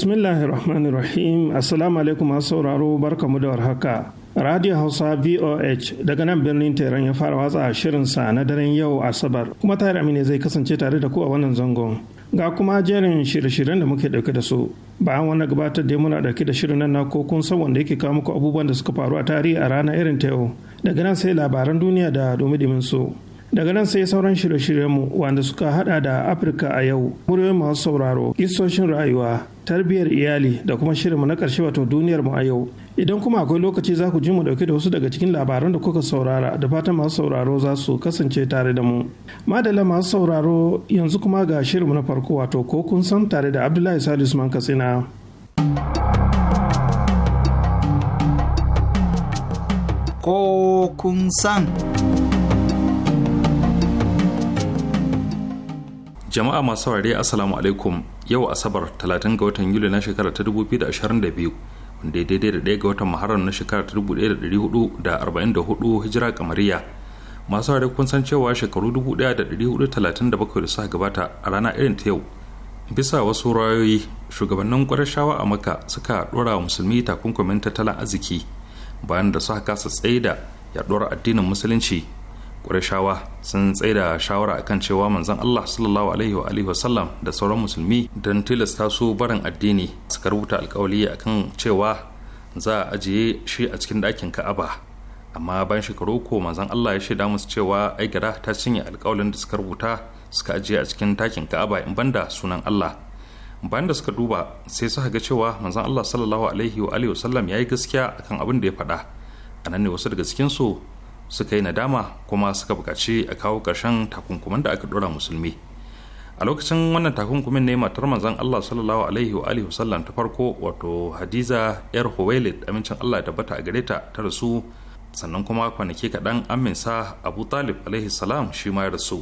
Bismillahirrahmanirrahim. Assalamu alaikum masu sauraro barkamu da warhaka. Radio Hausa VOH daga nan birnin Teran ya fara watsa shirinsa na daren yau Asabar kuma tare amine zai kasance tare da ku a wannan zangon. Ga kuma jerin shirye-shiryen da muke dauke da su. Bayan wannan gabatar da muna dauke da shirin nan na ko kun san wanda yake kawo muku abubuwan da suka faru a tarihi a rana irin ta yau. Daga nan sai labaran duniya da domin su. daga nan sai sauran shirye-shiryenmu wanda suka hada da afirka a yau muryoyin masu sauraro isoshin rayuwa tarbiyyar iyali da kuma shirinmu na karshe wato duniyar mu a yau idan kuma akwai lokaci za ku ji mu dauke da wasu daga cikin labaran da kuka saurara da fatan masu sauraro za su kasance tare da mu madalla masu sauraro yanzu kuma ga shirinmu na farko wato ko kun san tare da abdullahi salisu man katsina ko kun san jama'a masu saurare assalamu alaikum yau asabar 30 ga watan yuli na shekara ta 2022 wanda ya daidai da ɗaya ga watan maharar na shekara ta 1444 hijira kamariya masu saurare kun san cewa shekaru 1437 da suka gabata a rana irin ta yau bisa wasu rayoyi shugabannin shawa a maka suka ɗora wa musulmi takunkumin tattalin arziki bayan da suka kasa tsaida yaɗuwar addinin musulunci ƙurashawa sun tsaida shawara akan cewa manzon Allah sallallahu alaihi wa alihi wasallam da sauran musulmi don tilasta su barin addini suka rubuta alkawali akan cewa za a ajiye shi a cikin ɗakin Ka'aba amma bayan shekaru ko manzon Allah ya shaida musu cewa ai gada ta cinye alkawalin da suka rubuta suka ajiye a cikin ɗakin Ka'aba in banda sunan Allah bayan da suka duba sai suka ga cewa manzon Allah sallallahu alaihi wa alihi wasallam yayi gaskiya akan abin da ya faɗa anan ne wasu daga cikin su suka yi nadama kuma suka bukaci a kawo ƙarshen takunkuman da aka ɗora musulmi a lokacin wannan takunkumin ne matar manzan Allah sallallahu alaihi wa alihi wasallam ta farko wato Hadiza yar Huwailid amincin Allah ya tabbata a gare ta ta rasu sannan kuma kwanaki kaɗan aminsa Abu Talib alaihi salam shi ma ya rasu.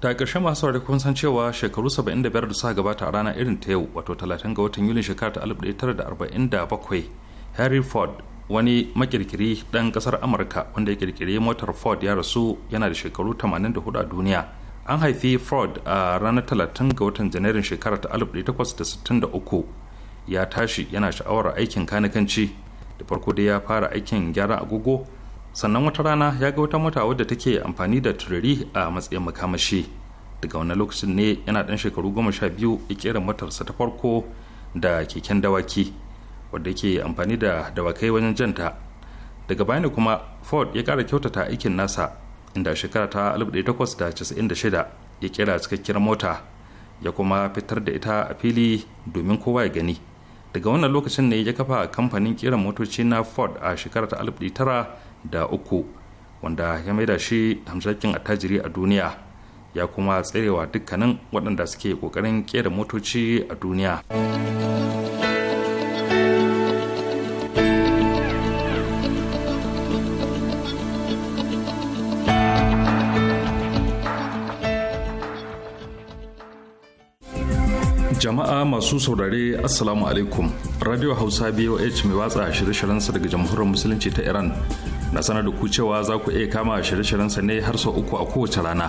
ta ƙarshe masu saurari kun san cewa shekaru 75 da suka gabata a rana irin ta yau wato 30 ga watan yulin shekara ta 1947 harry ford wani makirkiri ɗan ƙasar amurka wanda ya kirkiri motar ford ya rasu yana da shekaru 84 a duniya an haifi ford a ranar 30 ga watan janairun shekara ta 1863 ya tashi yana sha'awar aikin kanikanci da farko dai ya fara aikin gyara agogo sannan wata rana ya ga wata mota wadda take amfani da turiri a matsayin makamashi daga wani lokacin ne yana ɗan shekaru goma sha biyu ya kera motarsa ta farko da keken dawaki wadda ke amfani da dawakai wajen janta daga bayan kuma ford ya kara kyautata aikin nasa inda shekara ta 1896 ya kera cikakkiyar mota ya kuma fitar da ita a fili domin kowa ya gani daga wannan lokacin ne ya kafa kamfanin kiran motoci na ford a shekara ta 1903 wanda ya maida shi hamsakin attajiri a duniya ya kuma tserewa dukkanin waɗanda suke ƙoƙarin kera motoci a duniya jama'a masu saurare assalamu alaikum radio hausa boh mai watsa shirye-shiryensa daga jamhuriyar musulunci ta iran na sanar da ku cewa za ku iya kama shirye-shiryensa ne har sau uku a kowace rana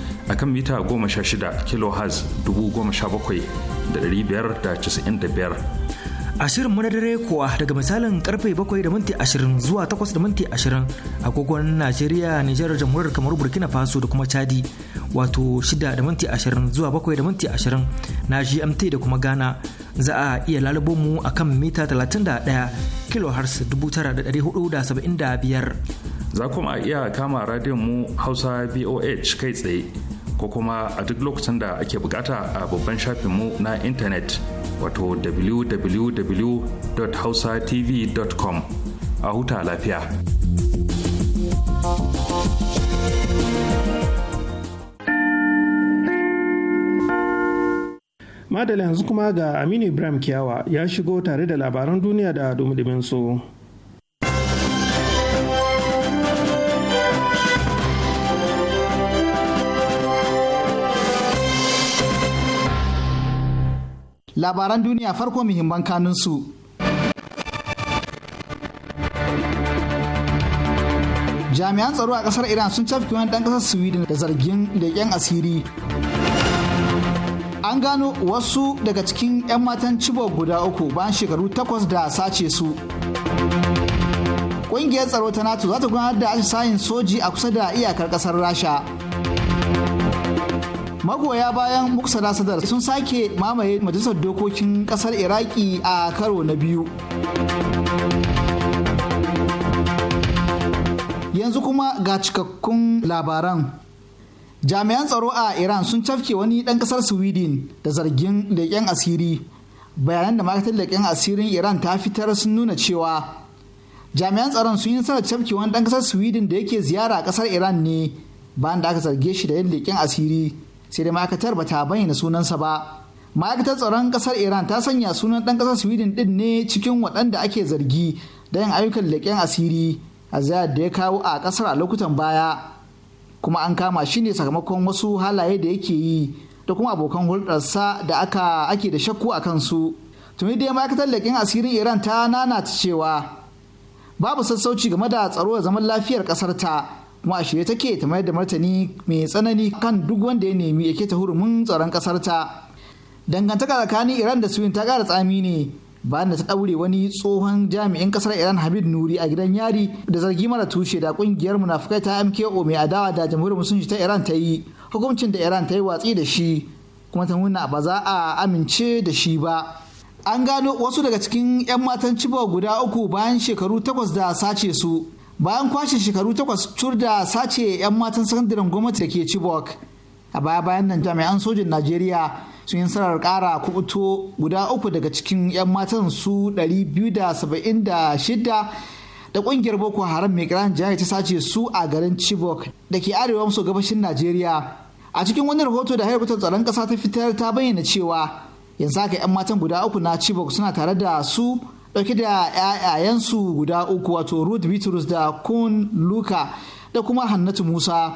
a kan mita 16 kilohertz 17,595 A shirin na dare kuwa daga misalin karfe 7 da minti 20 zuwa 8 da minti 20 agogon Najeriya, Nijar, Jamhuriyar Kamaru, Burkina Faso da kuma Chadi wato 6 da minti 20 zuwa 7 da minti 20 na GMT da kuma Ghana za a iya lalubo mu a kan mita 31 kilohertz 9,475 za kuma iya kama radiyon mu hausa boh kai tsaye ko kuma a duk lokacin da ake bukata a babban mu na intanet wato www.hausatv.com a huta lafiya. madalin yanzu kuma ga Aminu Ibrahim Kiyawa ya shigo tare da labaran duniya da dumudumin su. labaran duniya farko muhimman kanunsu jami'an tsaro a ƙasar iran sun cafke wani dan ƙasar sweden da zargin leƙen asiri an gano wasu daga cikin 'yan matan cibok guda uku bayan shekaru takwas da sace su ƙungiyar tsaro ta nato za ta gudanar da sayin soji a kusa da iyakar ƙasar rasha magoya bayan muksada sadar sun sake mamaye majalisar dokokin kasar iraki a karo na biyu yanzu kuma ga cikakkun labaran jami'an tsaro a iran sun cafke wani dan kasar sweden da zargin leƙen asiri bayanan da ma'aikatar leƙen asirin iran ta fitar sun nuna cewa jami'an tsaron sun yi nasarar cafke wani dan kasar sweden da yake ziyara a ƙasar iran ne bayan da aka zarge shi da yin leƙen asiri sai da ma'aikatar ba ta bayyana sunansa ba ma'aikatar tsaron kasar iran ta sanya sunan ɗan ƙasar sweden ɗin ne cikin waɗanda ake zargi da yin ayyukan leƙen asiri a zayar da ya kawo a ƙasar a lokutan baya kuma an kama shi ne sakamakon wasu halaye da yake yi da kuma abokan hulɗarsa da aka ake da shakku a kansu tuni dai ma'aikatar leƙen asirin iran ta nana ta cewa babu sassauci game da tsaro da zaman lafiyar ƙasar ta kuma a shirye take ta mayar da martani mai tsanani kan duk wanda ya nemi ya ta hurumin tsaron kasar ta dangantaka tsakanin iran da sweden ta kara tsami ne bayan da ta daure wani tsohon jami'in kasar iran hamid nuri a gidan yari da zargi mara tushe da kungiyar munafukai ta mko mai adawa da jamhuriyar musulunci ta iran ta yi hukuncin da iran ta yi watsi da shi kuma ta nuna ba za a amince da shi ba an gano wasu daga cikin 'yan matan cibawa guda uku bayan shekaru takwas da sace su bayan kwashe shekaru takwas tur da sace 'yan matan sakandaren gwamnati da ke chibok a baya bayan nan jami'an sojin najeriya sun yi nasarar kara kubuto guda uku daga cikin 'yan matan su 276 da kungiyar boko haram mai kiran jihar ta sace su a garin chibok da ke arewa maso gabashin najeriya a cikin wani rahoto da harkutar tsaron kasa ta fitar ta bayyana cewa yanzu haka 'yan matan guda uku na chibok suna tare da su ɗauki da 'ya'yayensu guda uku wato Ruth Bitrus da Kun Luka da kuma Hannatu Musa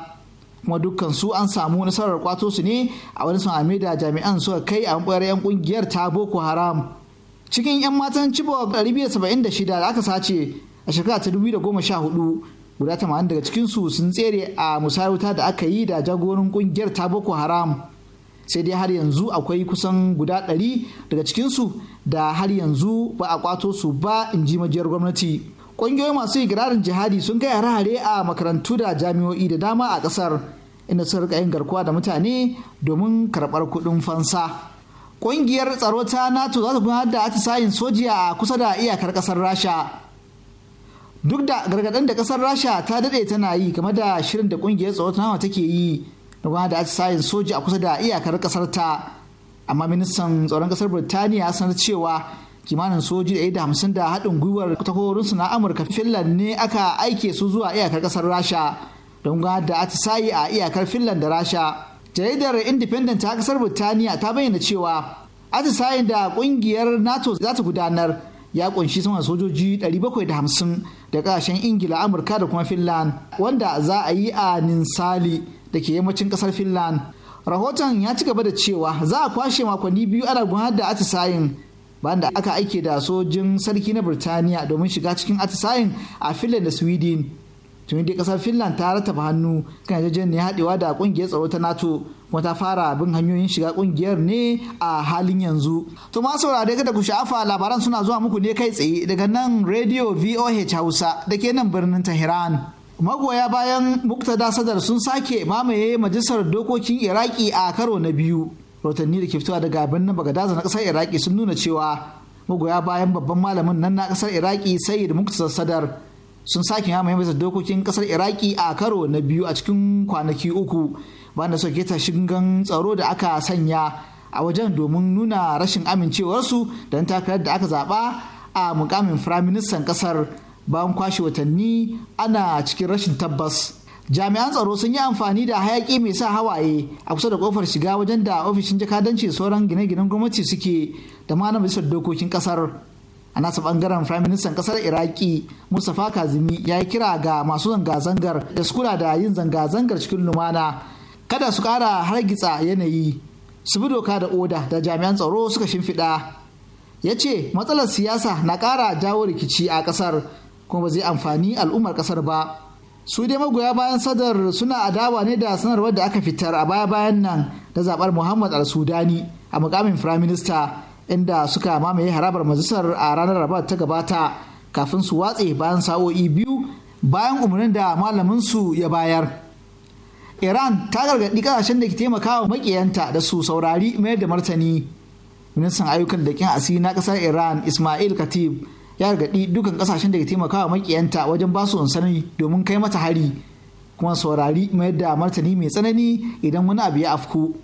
kuma dukkan su an samu nasarar kwato su ne a wani samami da jami'an suka kai a ɓoyar 'yan ƙungiyar ta Boko Haram. Cikin 'yan matan Chibok 276 da aka sace a shekara ta 2014 guda 80 daga cikinsu sun tsere a musayauta da aka yi da jagorin ƙungiyar ta Boko Haram. sai dai har yanzu akwai kusan guda ɗari daga cikinsu da har yanzu ba a kwato su ba in ji majiyar gwamnati ƙungiyoyi masu igirarin jihadi sun kai hare-hare a makarantu da jami'o'i da dama a ƙasar inda sun rika yin garkuwa da mutane domin karɓar kuɗin fansa ƙungiyar tsaro ta nato za ta gudanar da atisayin soji a kusa da iyakar ƙasar rasha duk da gargaɗin da ƙasar rasha ta daɗe tana yi game da shirin da ƙungiyar tsaro ta take yi na gudanar da atisayen soji a kusa da iyakar kasar ta amma ministan tsaron kasar birtaniya sanar cewa kimanin soji da da hamsin da haɗin gwiwar takwarorinsu na amurka finland ne aka aike su zuwa iyakar kasar rasha don gwada da atisayi a iyakar finland da rasha jaridar independent ta kasar birtaniya ta bayyana cewa atisayin da kungiyar nato za ta gudanar ya kunshi sama sojoji 750 da kasashen ingila amurka da kuma finland wanda za a yi a ninsali da ke yammacin kasar finland rahoton ya ci gaba da cewa za a kwashe makonni biyu ana gudanar da atisayin bayan da aka aike da sojin sarki na birtaniya domin shiga cikin atisayin a finland da sweden tuni dai kasar finland ta rataba hannu kan ne haɗewa da kungiyar tsaro ta nato kuma ta fara bin hanyoyin shiga kungiyar ne a halin yanzu to ma saurare kada ku sha'afa labaran suna zuwa muku ne kai tsaye daga nan radio voh hausa da ke nan birnin tehran magoya bayan muktada sadar sun sake mamaye majalisar dokokin iraki a karo na biyu rotanni da ke fitowa daga birnin bagadaza na kasar iraki sun nuna cewa magoya bayan babban malamin nan na kasar iraki sayid muktada sadar sun sake mamaye majalisar dokokin kasar iraki a karo na biyu a cikin kwanaki uku bayan da suka ta shingan tsaro da aka sanya a wajen domin nuna rashin amincewarsu don takarar da aka zaba a mukamin firaministan kasar bayan kwashe watanni ana cikin rashin tabbas jami'an tsaro sun yi amfani da hayaki mai sa hawaye a kusa da kofar shiga wajen da ofishin jakadanci sauran gine-ginen gwamnati suke da ma na majalisar dokokin kasar a nasa bangaren firayim ministan kasar iraki mustapha kazimi ya yi kira ga masu zanga-zangar da su kula da yin zanga-zangar cikin lumana kada su kara hargitsa yanayi su bi doka da oda da jami'an tsaro suka shimfiɗa ya ce matsalar siyasa na kara jawo rikici a kasar kuma ba zai amfani al'ummar kasar ba su dai magoya bayan sadar suna adawa ne da sanarwar da aka fitar a baya bayan nan da zabar muhammad al-sudani a mukamin firayim minista inda suka mamaye harabar majalisar a ranar rabar ta gabata kafin su watse bayan sa'o'i biyu bayan umarnin da malamin su ya bayar iran ta gargaɗi kasashen da ke taimakawa makiyanta da su saurari mayar da martani ministan ayyukan da kin asiri na ƙasar iran ismail khatib. ya gargaɗi dukan ƙasashen da ke taimakawa makiyanta wajen ba su sani domin kai mata hari kuma saurari mayar da martani mai tsanani idan wani abu ya afku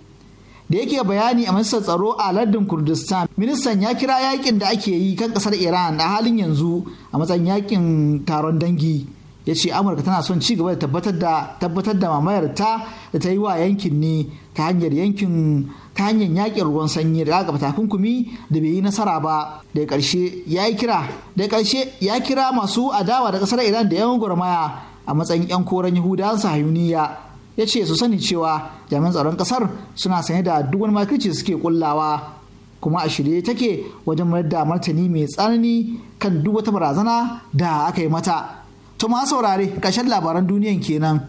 da yake bayani a ministan tsaro a lardin kurdistan ministan ya kira yakin da ake yi kan ƙasar iran a halin yanzu a matsayin yakin taron dangi ya ce amurka tana son ci gaba da tabbatar da tabbatar da mamayar da ta yi wa yankin ne ta hanyar yankin ta hanyar yakin ruwan sanyi da gaba takunkumi da bai yi nasara ba da ƙarshe ya kira da karshe ya kira masu adawa da ƙasar iran da yawan gwarmaya a matsayin 'yan koren yahudawan sahayuniya ya ce su sani cewa jami'an tsaron ƙasar suna sanye da duk wani makirci suke kullawa kuma a shirye take wajen mayar da martani mai tsanani kan duk wata barazana da aka yi mata to ma saurare ƙarshen labaran duniyan kenan.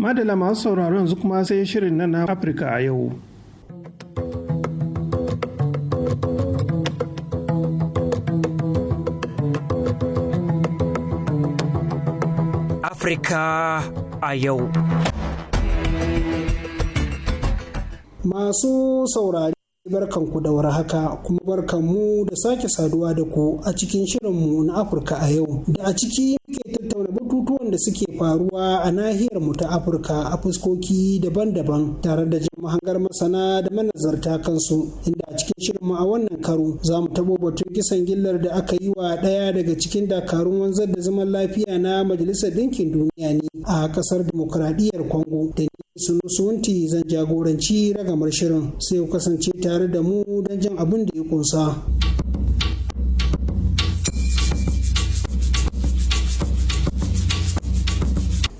madala masu sauraro yanzu kuma sai shirin nan na afirka a yau afirka a yau masu saurari barkanku da haka kuma barkanmu da sake saduwa da ku a cikin shirinmu na afirka a yau da a ciki tattauna batutuwan da suke faruwa a nahiyar mu ta Afirka a fuskoki daban-daban tare da jin hangar masana da manazarta kansu inda a cikin shirinmu a wannan karo za mu tabo batun kisan gillar da aka yi wa ɗaya daga cikin dakarun wanzar da zaman lafiya na Majalisar ɗinkin Duniya ne a ƙasar Dimokuraɗiyyar Kongo da sunu suwanti zan jagoranci ragamar shirin sai ku kasance tare da mu don jin abin da ya kunsa.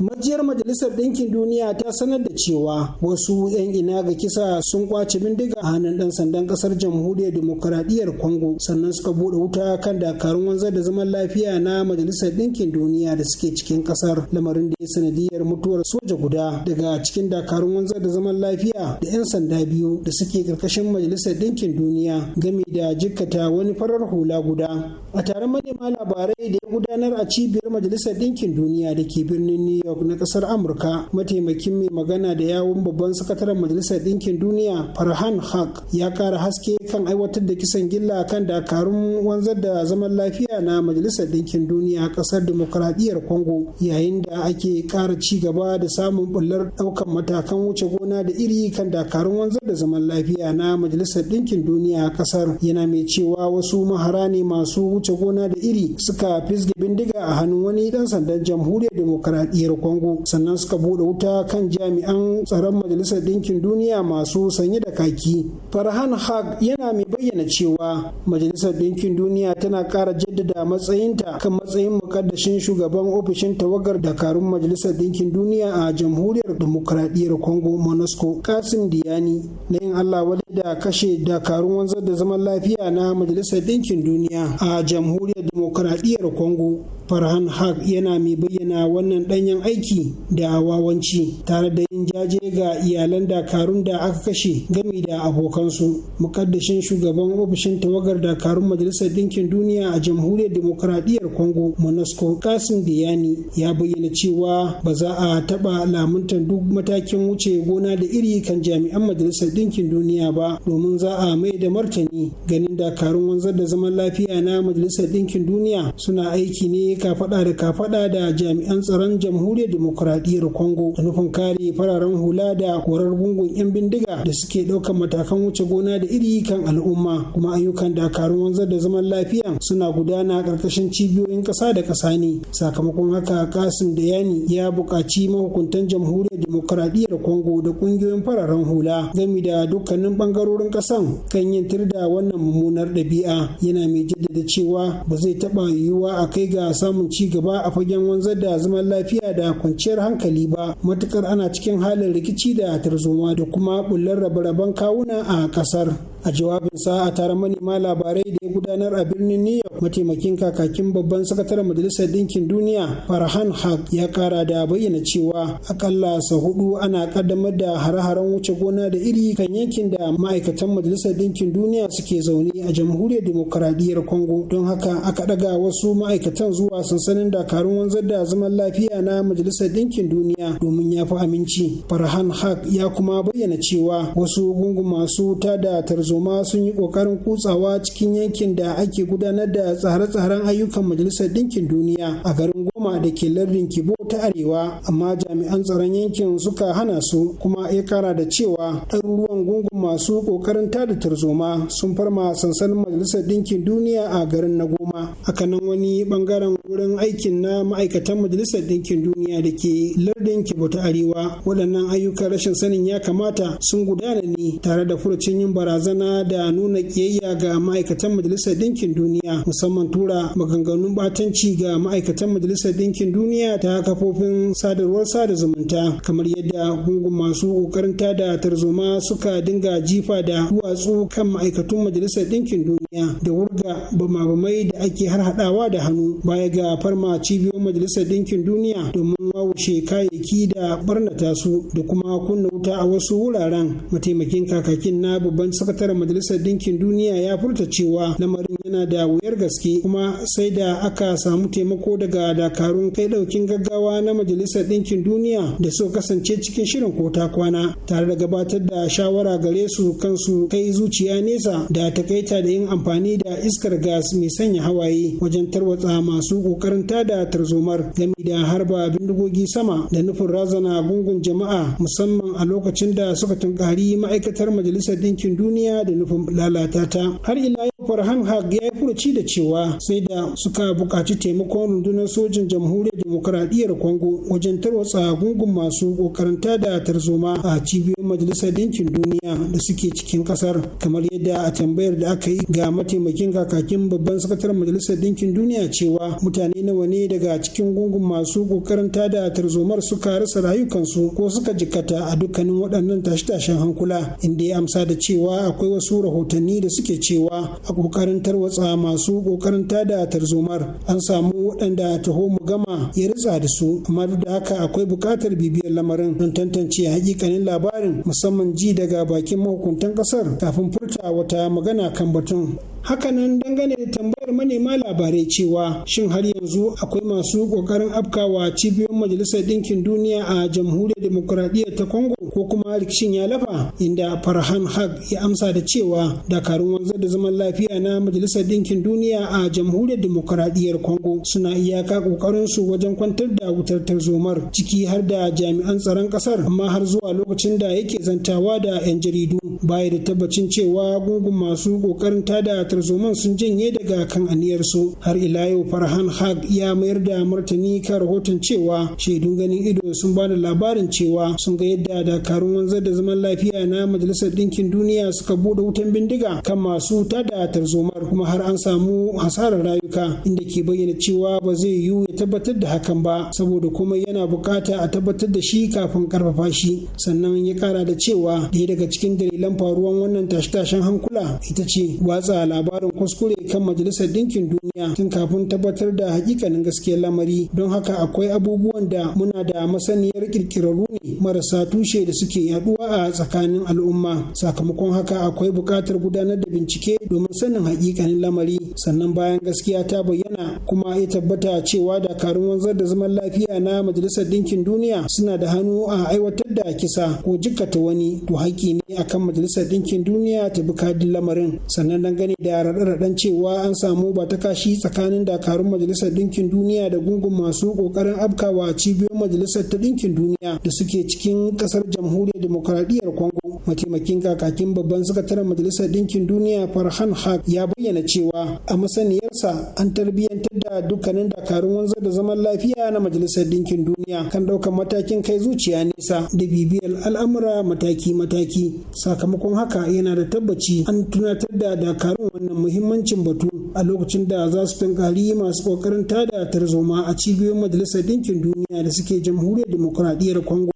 majiyar majalisar ɗinkin duniya ta sanar da cewa wasu 'yan ina ga kisa sun kwace bindiga a hannun ɗan sandan ƙasar jamhuriyar demokuraɗiyyar congo sannan suka buɗe wuta kan dakarun wanzar da zaman lafiya na majalisar ɗinkin duniya da suke cikin ƙasar lamarin da ya sanadiyar mutuwar soja guda daga cikin dakarun wanzar da zaman lafiya da 'yan sanda biyu da suke ƙarƙashin majalisar ɗinkin duniya game da jikkata wani farar hula guda a taron manema labarai da ya gudanar a cibiyar majalisar ɗinkin duniya da ke birnin new york na ƙasar amurka mataimakin mai magana da yawun babban sakataren majalisar ɗinkin duniya farhan haq ya ƙara haske kan aiwatar da kisan gilla kan dakarun wanzar da zaman lafiya na majalisar ɗinkin duniya a ƙasar demokuraɗiyyar congo yayin da ake ƙara ci gaba da samun bullar ɗaukan matakan wuce gona da iri kan dakarun wanzar da zaman lafiya na majalisar ɗinkin duniya a ƙasar yana mai cewa wasu mahara ne masu wuce gona da iri suka fisge bindiga a hannun wani dan sandan jamhuriyar demokaradiyyar Congo sannan suka bude wuta kan jami'an tsaron majalisar dinkin duniya masu sanye da kaki. Farhan Haq yana mai bayyana cewa majalisar dinkin duniya tana ƙara jaddada matsayinta kan matsayin mukaddashin shugaban ofishin tawagar dakarun majalisar dinkin duniya a jamhuriyar demokaradiyyar Congo Monusco Kasim Diyani na yin Allah wadai da kashe dakarun wanzar da zaman lafiya na majalisar ɗinkin duniya a jamhuriyar dimokuraɗiyyar congo farhan haq yana mai bayyana wannan danyen aiki da wawanci tare da yin jaje ga iyalan dakarun da aka kashe gami da abokansu mukaddashin shugaban ofishin tawagar dakarun majalisar ɗinkin duniya a jamhuriyar demokuraɗiyyar congo monusco kasim biyani ya bayyana cewa ba za a taɓa lamuntan duk matakin wuce gona da iri kan jami'an majalisar ɗinkin duniya ba domin za a mai da martani ganin dakarun wanzar da zaman lafiya na majalisar ɗinkin duniya suna aiki ne kafada da kafada da jami'an tsaron jamhuriyar demokuraɗiyyar congo da nufin kare fararen hula da korar gungun 'yan bindiga da suke ɗaukar matakan wuce gona da iri kan al'umma kuma ayyukan dakarun wanzar da zaman lafiya suna gudana ƙarƙashin cibiyoyin ƙasa da ƙasa ne sakamakon haka kasim da yani ya buƙaci mahukuntan jamhuriyar demokuraɗiyyar congo da ƙungiyoyin fararen hula gami da dukkanin ɓangarorin ƙasan kan yin tirda wannan mummunar ɗabi'a yana mai jaddada cewa ba zai taɓa yiwuwa a kai ga samun ci gaba a fagen wanzar da zaman lafiya da kwanciyar hankali ba matukar ana cikin halin rikici da tarzoma da kuma bullar rabe-raben kawuna a kasar a jawabinsa a taron manema labarai da ya gudanar a birnin new york mataimakin kakakin babban sakataren majalisar ɗinkin duniya farhan haq ya kara da bayyana cewa akalla sau hudu ana kaddamar da hare-haren wuce gona da iri kan yankin da ma'aikatan majalisar ɗinkin duniya suke zaune a jamhuriyar demokaradiyyar congo don haka aka ɗaga wasu ma'aikatan zuwa sansanin dakarun wanzar da zaman lafiya na majalisar ɗinkin duniya domin ya fi aminci farhan haq ya kuma bayyana cewa wasu gungun masu tada tarzo tarzoma sun yi kokarin kutsawa cikin yankin da ake gudanar da tsare-tsaren ayyukan majalisar ɗinkin duniya a garin goma da ke lardin kibo ta arewa amma jami'an tsaron yankin suka hana su kuma ya kara da cewa ɗaruruwan gungun masu kokarin tada tarzoma sun farma sansanin majalisar ɗinkin duniya a garin na goma hakanan wani bangaren wurin aikin na ma'aikatan majalisar ɗinkin duniya da ke lardin kibo ta arewa waɗannan ayyukan rashin sanin ya kamata sun gudana ne tare da furucin yin barazana na da nuna kiyayya ga ma'aikatan majalisar ɗinkin duniya musamman tura maganganun batanci ga ma'aikatan majalisar ɗinkin duniya ta kafofin sadarwar sada zumunta kamar yadda gungun masu ƙoƙarin tada tarzoma suka dinga jifa da duwatsu kan ma'aikatun majalisar ɗinkin duniya da wurga bama da ake harhaɗawa da hannu baya ga farma cibiyoyin majalisar ɗinkin duniya domin wawushe kayayyaki da barnata su da kuma kunna wuta a wasu wuraren mataimakin kakakin na babban sakatar sakataren majalisar ɗinkin duniya ya furta cewa lamarin yana da wuyar gaske kuma sai da aka samu taimako daga dakarun kai ɗaukin gaggawa na majalisar ɗinkin duniya da suka kasance cikin shirin kota kwana tare da gabatar da shawara gare su kansu kai zuciya nesa da takaita da yin amfani da iskar gas mai sanya hawaye wajen tarwatsa masu kokarin tada tarzomar game da harba bindigogi sama da nufin razana gungun jama'a musamman a lokacin da suka tunkari ma'aikatar majalisar ɗinkin duniya da nufin lalata ta har ila Farhan Haq ya yi furuci da cewa sai da suka buƙaci taimakon rundunar sojin jamhuriyar demokuraɗiyyar Congo wajen tarwatsa gungun masu ƙoƙarin da tarzoma a cibiyoyin majalisar ɗinkin duniya da suke cikin ƙasar kamar yadda a tambayar da aka yi ga mataimakin kakakin babban sakataren majalisar ɗinkin duniya cewa mutane nawa ne daga cikin gungun masu ƙoƙarin da tarzomar suka rasa rayukansu ko suka jikkata a dukkanin waɗannan tashe-tashen hankula inda ya amsa da cewa akwai wasu rahotanni da suke cewa a kokarin tarwatsa masu kokarin da tarzomar an samu waɗanda taho mu gama ya ritsa da su amma duk da haka akwai buƙatar bibiyar lamarin don tantance hakikanin labarin musamman ji daga bakin mahukuntan ƙasar kafin furta wata magana kan batun hakanan dangane da tambayar manema labarai cewa shin har yanzu akwai masu kokarin afkawa cibiyoyin majalisar ɗinkin duniya a jamhuriyar demokuraɗiyyar ta congo ko kuma rikicin ya lafa inda farhan hak ya amsa da cewa dakarun wanzar da zaman lafiya na majalisar ɗinkin duniya a jamhuriyar demokuraɗiyyar congo suna iyaka kokarin su wajen kwantar da wutar tarzomar ciki har da jami'an tsaron ƙasar amma har zuwa lokacin da yake zantawa da 'yan jaridu baya da tabbacin cewa gungun masu kokarin tada tarzoman sun janye daga kan aniyarsu har ila yau farhan haq ya mayar da martani kan rahoton cewa shaidun ganin ido sun bada labarin cewa sun ga yadda dakarun wanzar da zaman lafiya na majalisar ɗinkin duniya suka buɗe wutan bindiga kan masu tada tarzomar kuma har an samu hasarar rayuka inda ke bayyana cewa ba zai yiwu ya tabbatar da hakan ba saboda kuma yana bukata a tabbatar da shi kafin karfafa shi sannan ya kara da cewa ɗaya daga cikin dalilan faruwan wannan tashe-tashen hankula ita ce watsa labarin labarin kuskure kan majalisar ɗinkin duniya tun kafin tabbatar da hakikanin gaskiyar lamari don haka akwai abubuwan da muna da masaniyar kirkirarru ne marasa tushe da suke yaduwa a tsakanin al'umma sakamakon haka akwai buƙatar gudanar da bincike domin sanin hakikanin lamari sannan bayan gaskiya ta bayyana kuma ya tabbata cewa dakarun wanzar da zaman lafiya na majalisar ɗinkin duniya suna da hannu a aiwatar da kisa ko jikkata wani to haƙƙi ne akan majalisar ɗinkin duniya ta bi kadin lamarin sannan dangane da da raɗe-raɗen cewa an samu ba ta kashi tsakanin dakarun majalisar ɗinkin duniya da gungun masu ƙoƙarin afkawa cibiyoyin majalisar ta ɗinkin duniya da suke cikin ƙasar jamhuriyar demokuraɗiyyar congo mataimakin kakakin babban sakataren majalisar ɗinkin duniya farhan haq ya bayyana cewa a masaniyarsa an tarbiyyantar da dukkanin dakarun wanzar da zaman lafiya na majalisar ɗinkin duniya kan ɗaukar matakin kai zuciya nesa da bibiyar al'amura mataki-mataki sakamakon haka yana da tabbaci an tunatar da dakarun wannan muhimmancin batu a lokacin da za su tankari masu kokarin tada tarzoma a cibiyoyin majalisar ɗinkin duniya da suke jamhuriyar demokuraɗiyyar congo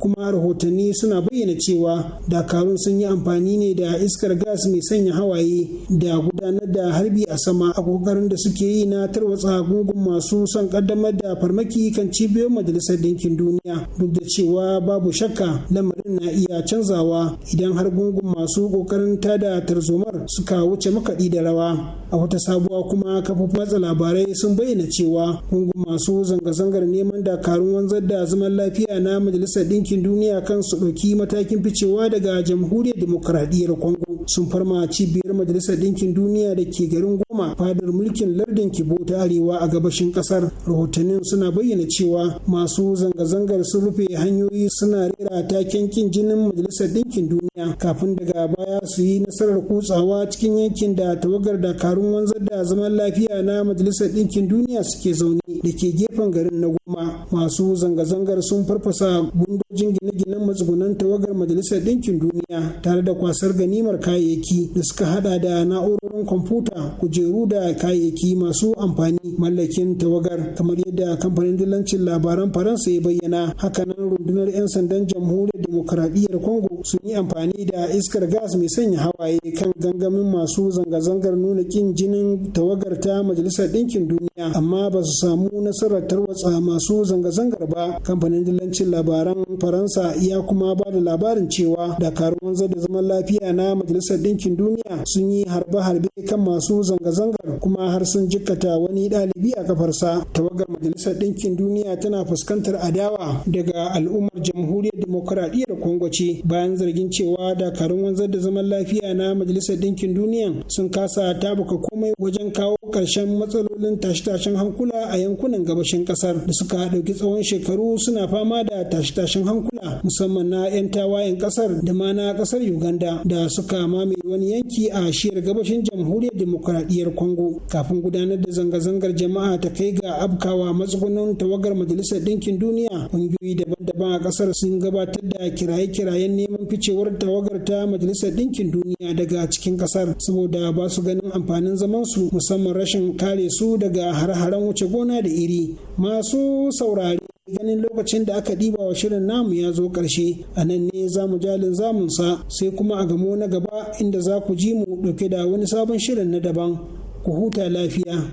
kuma rahotanni suna bayyana cewa dakarun sun yi amfani ne da iskar gas mai sanya hawaye da gudanar da harbi a sama a kokarin da suke yi na tarwatsa gungun masu son kaddamar da farmaki kan cibiyoyin majalisar ɗinkin duniya duk da cewa babu shakka lamarin na iya canzawa idan har gungun masu kokarin tada tarzomar suka wuce maka kaɗi da rawa a wata sabuwa kuma kafofin watsa labarai sun bayyana cewa gungun masu zanga-zangar neman dakarun wanzar da zaman lafiya na majalisar ɗinkin duniya kan su ɗauki matakin ficewa daga jamhuriyar demokaradiyyar congo sun farma cibiyar majalisar ɗinkin duniya da ke garin goma fadar mulkin lardin kibo ta arewa a gabashin ƙasar rahotannin suna bayyana cewa masu zanga-zangar sun rufe hanyoyi suna rera taken kin jinin majalisar ɗinkin duniya kafin daga baya su yi nasarar kutsawa cikin yankin da tawagar dakarun wanzar da zaman lafiya na majalisar ɗinkin duniya suke zaune da ke gefen garin na goma masu zanga-zangar sun farfasa gundojin gine-ginen matsugunan tawagar majalisar ɗinkin duniya tare da kwasar ganimar kayayyaki da suka hada da na'urorin kwamfuta kujeru da kayayyaki masu amfani mallakin tawagar kamar yadda kamfanin dillancin labaran faransa ya bayyana hakanan rundunar 'yan sandan jamhuriyar demokradiyyar congo sun yi amfani da iskar gas mai sanya hawaye kan gangamin masu zanga zanga-zangar nuna kin jinin tawagar majalisar ɗinkin duniya amma ba su samu nasarar tarwatsa masu zanga-zangar ba kamfanin dillancin labaran faransa ya kuma ba da labarin cewa dakarun wanzar da zaman lafiya na majalisar ɗinkin duniya sun yi harbe-harbe kan masu zanga-zangar kuma har sun jikkata wani ɗalibi a kafarsa tawagar majalisar ɗinkin duniya tana fuskantar adawa daga al'ummar jamhuriyar demokuraɗiyyar kongo ce bayan zargin cewa dakarun wanzar da zaman lafiya na majalisar ɗinkin duniya sun kasa tabuka komai wajen kawo ƙarshen matsalolin tashe-tashen hankula a yankunan gabashin ƙasar da suka ɗauki tsawon shekaru suna fama da tashe-tashen hankula musamman na 'yan tawayen ƙasar da ma na ƙasar Uganda da suka mamaye wani yanki a shiyar gabashin jamhuriyar demokuraɗiyyar Congo kafin gudanar da zanga-zangar jama'a ta kai ga abkawa matsugunan tawagar majalisar ɗinkin duniya ƙungiyoyi daban daban a kasar sun gabatar da kiraye-kirayen neman ficewar tawagar ta majalisar ɗinkin duniya daga cikin kasar saboda ba su ganin amfanin zaman su musamman rashin kare su daga har-haren wuce gona da iri masu saurare ganin lokacin da aka ɗiba wa shirin namu ya zo ƙarshe a nan ne za mu jalin zamunsa sai kuma a gamo na gaba inda za ku ji mu ɗauke da wani sabon shirin na daban ku huta lafiya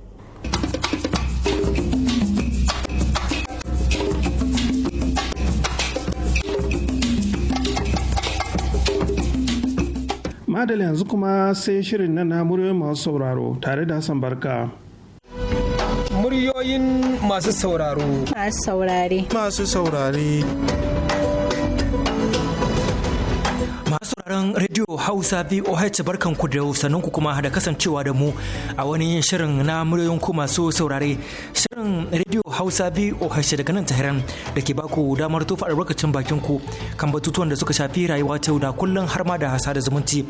madala yanzu kuma sai shirin na na muryoyin masu sauraro tare da hassan barka muryoyin masu sauraro masu saurare masu saurare sauraron Radio Hausa VOH barkanku da sannan ku kuma da kasancewa da mu a wani shirin na muryoyin ku masu saurare. Shirin Radio Hausa VOH daga nan Tahiran da ke baku damar tofa albarkacin bakin ku kan batutuwan da suka shafi rayuwa ta yau da kullum har ma da hasa da zumunci.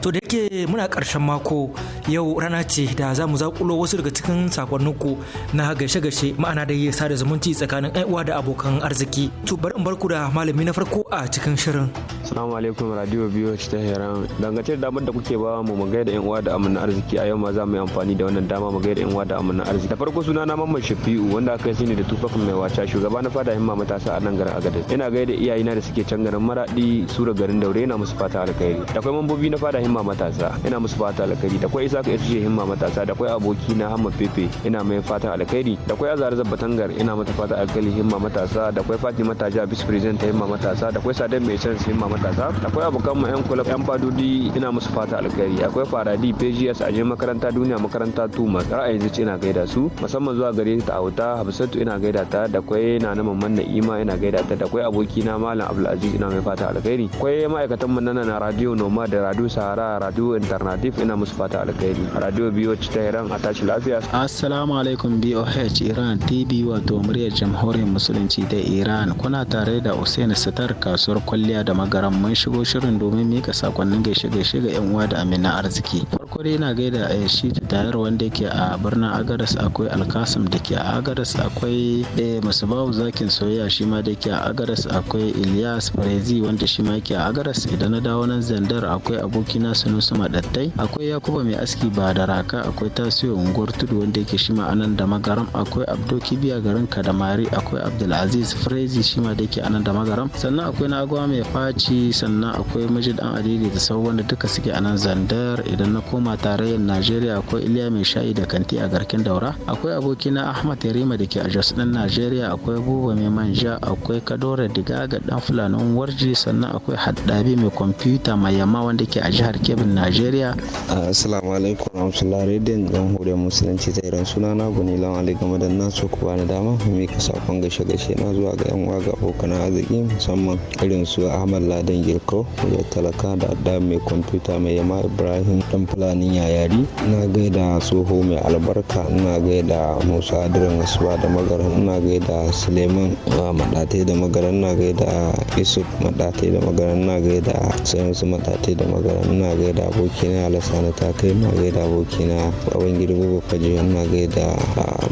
To da yake muna karshen mako yau rana ce da za mu zakulo wasu daga cikin sakonnin ku na gashe-gashe ma'ana da yi sada zumunci tsakanin uwa da abokan arziki. To bari in barku da malami na farko a cikin shirin. Assalamu alaikum Radio radio biyu ta heran dangace da damar da kuke ba mu mu gaida yan uwa da amana arziki a yau ma za mu yi amfani da wannan dama mu gaida yan uwa da amana arziki da farko suna na mamman shafi'u wanda aka yi sani da tufafin mai wata, shugaba na fada himma matasa a nan garin agadez ina gaida iyayena da suke can garin maradi sura garin daure ina musu fata alkhairi da kwai mambobi na fada himma matasa ina musu fata alkhairi da kwai isa ka yace himma matasa da kwai aboki na hamma pepe ina mai fata alkhairi da kwai azar zabbatangar ina mata fata alkhairi himma matasa da kwai fatima taja bis president himma matasa da kwai sadan mai chance himma matasa da kwai abokan sauran mu yan kulab yan fadodi ina musu fata alkhairi akwai faradi a aje makaranta duniya makaranta tuma ra'ayin zuci ina gaida su musamman zuwa gare ta auta habsatu ina gaida ta da kwai na mamman na'ima ina gaida ta da kwai aboki na malam abdulaziz ina mai fata alkhairi kwai ma'aikatan mu nan na radio noma da radio sahara radio alternative ina musu fata alkhairi radio biyo ta iran a tashi lafiya assalamu alaikum boh iran tv wato muryar jamhuriyar musulunci da iran kuna tare da usaini sitar kasuwar kwalliya da magaran mun shigo shirin domin mika sakonnin gaishe-gaishe ga yan uwa da amina arziki farko dai ina gaida a eh, shi tayar wanda yake a birnin agaras akwai alkasim da ke a agaras akwai eh, musubawu zakin soyayya shi ma da ke a agaras akwai ilyas farezi wanda shi ma yake a agaras idan na dawo nan zandar akwai abokina sunusu madattai akwai yakuba mai aski ba da raka akwai tasiyo unguwar tudu wanda yake shi ma anan da magaram akwai abdo kibiya garin kadamari akwai abdulaziz farezi shi ma da ke anan da magaram sannan akwai na agwa mai faci sannan akwai namiji dan adidi da sau wanda duka suke a nan zandar idan na koma tarayyar najeriya akwai iliya mai sha'i da kanti a garkin daura akwai abokina ahmad yarima da ke a jos din najeriya akwai buba mai manja akwai kadore digaga dan fulanin warji sannan akwai haddabi mai kwamfuta mai yamma wanda ke a jihar kebin najeriya ah, assalamu alaikum rahmatullahi rediyon jamhuriyar musulunci ta iran suna na gani lawan ali game da na so kuwa na dama mai ka sakon gashe gashe na zuwa ga yan waga abokan arziki musamman irin su ahmad ladan girko da talaka da adda mai kwamfuta mai yama ibrahim dan fulani yayari ina gaida soho mai albarka ina gaida musa adiran asuba da magaran ina gaida suleiman madate da magaran ina gaida yusuf madate da magaran ina gaida sayansu madate da magaran ina gaida abokina alasana ta kai ina gaida abokina baban girbi bafaji ina gaida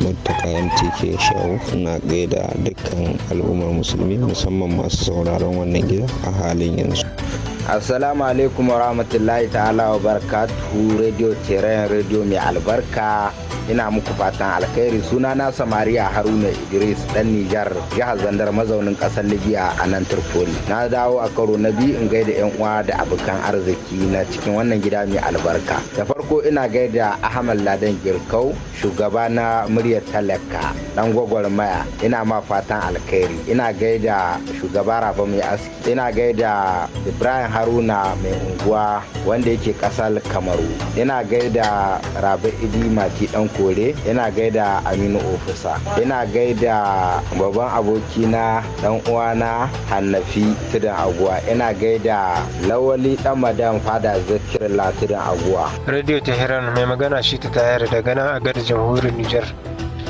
mutaka mtk shawo ina gaida dukkan al'ummar musulmi musamman masu sauraron wannan gida a halin yanzu assalamu alaikum wa rahmatullahi ta'ala wa barakatuhu radio teren radio mai albarka ina muku fatan alkhairi sunana samariya haruna idris dan nijar jihar zandar mazaunin kasar libya a nan tripoli na dawo a karo na biyu in gaida yan uwa da abokan arziki na cikin wannan gida mai albarka da farko ina gaida ahmad ladan girkau shugaba na muryar talaka dan gwagwarmaya ina ma fatan alkhairi ina gaida shugaba rafa mai aski ina gaida ibrahim haruna mai unguwa wanda yake kasar kamaru ina gaida rabe idi mati dan kore yana gaida aminu ofisa yana gaida babban abokina dan uwana hannafi tudun aguwa yana gaida lawali dan madam fada zakir la aguwa radio tehran mai magana shi ta tayar daga nan a gadar jamhuriyar niger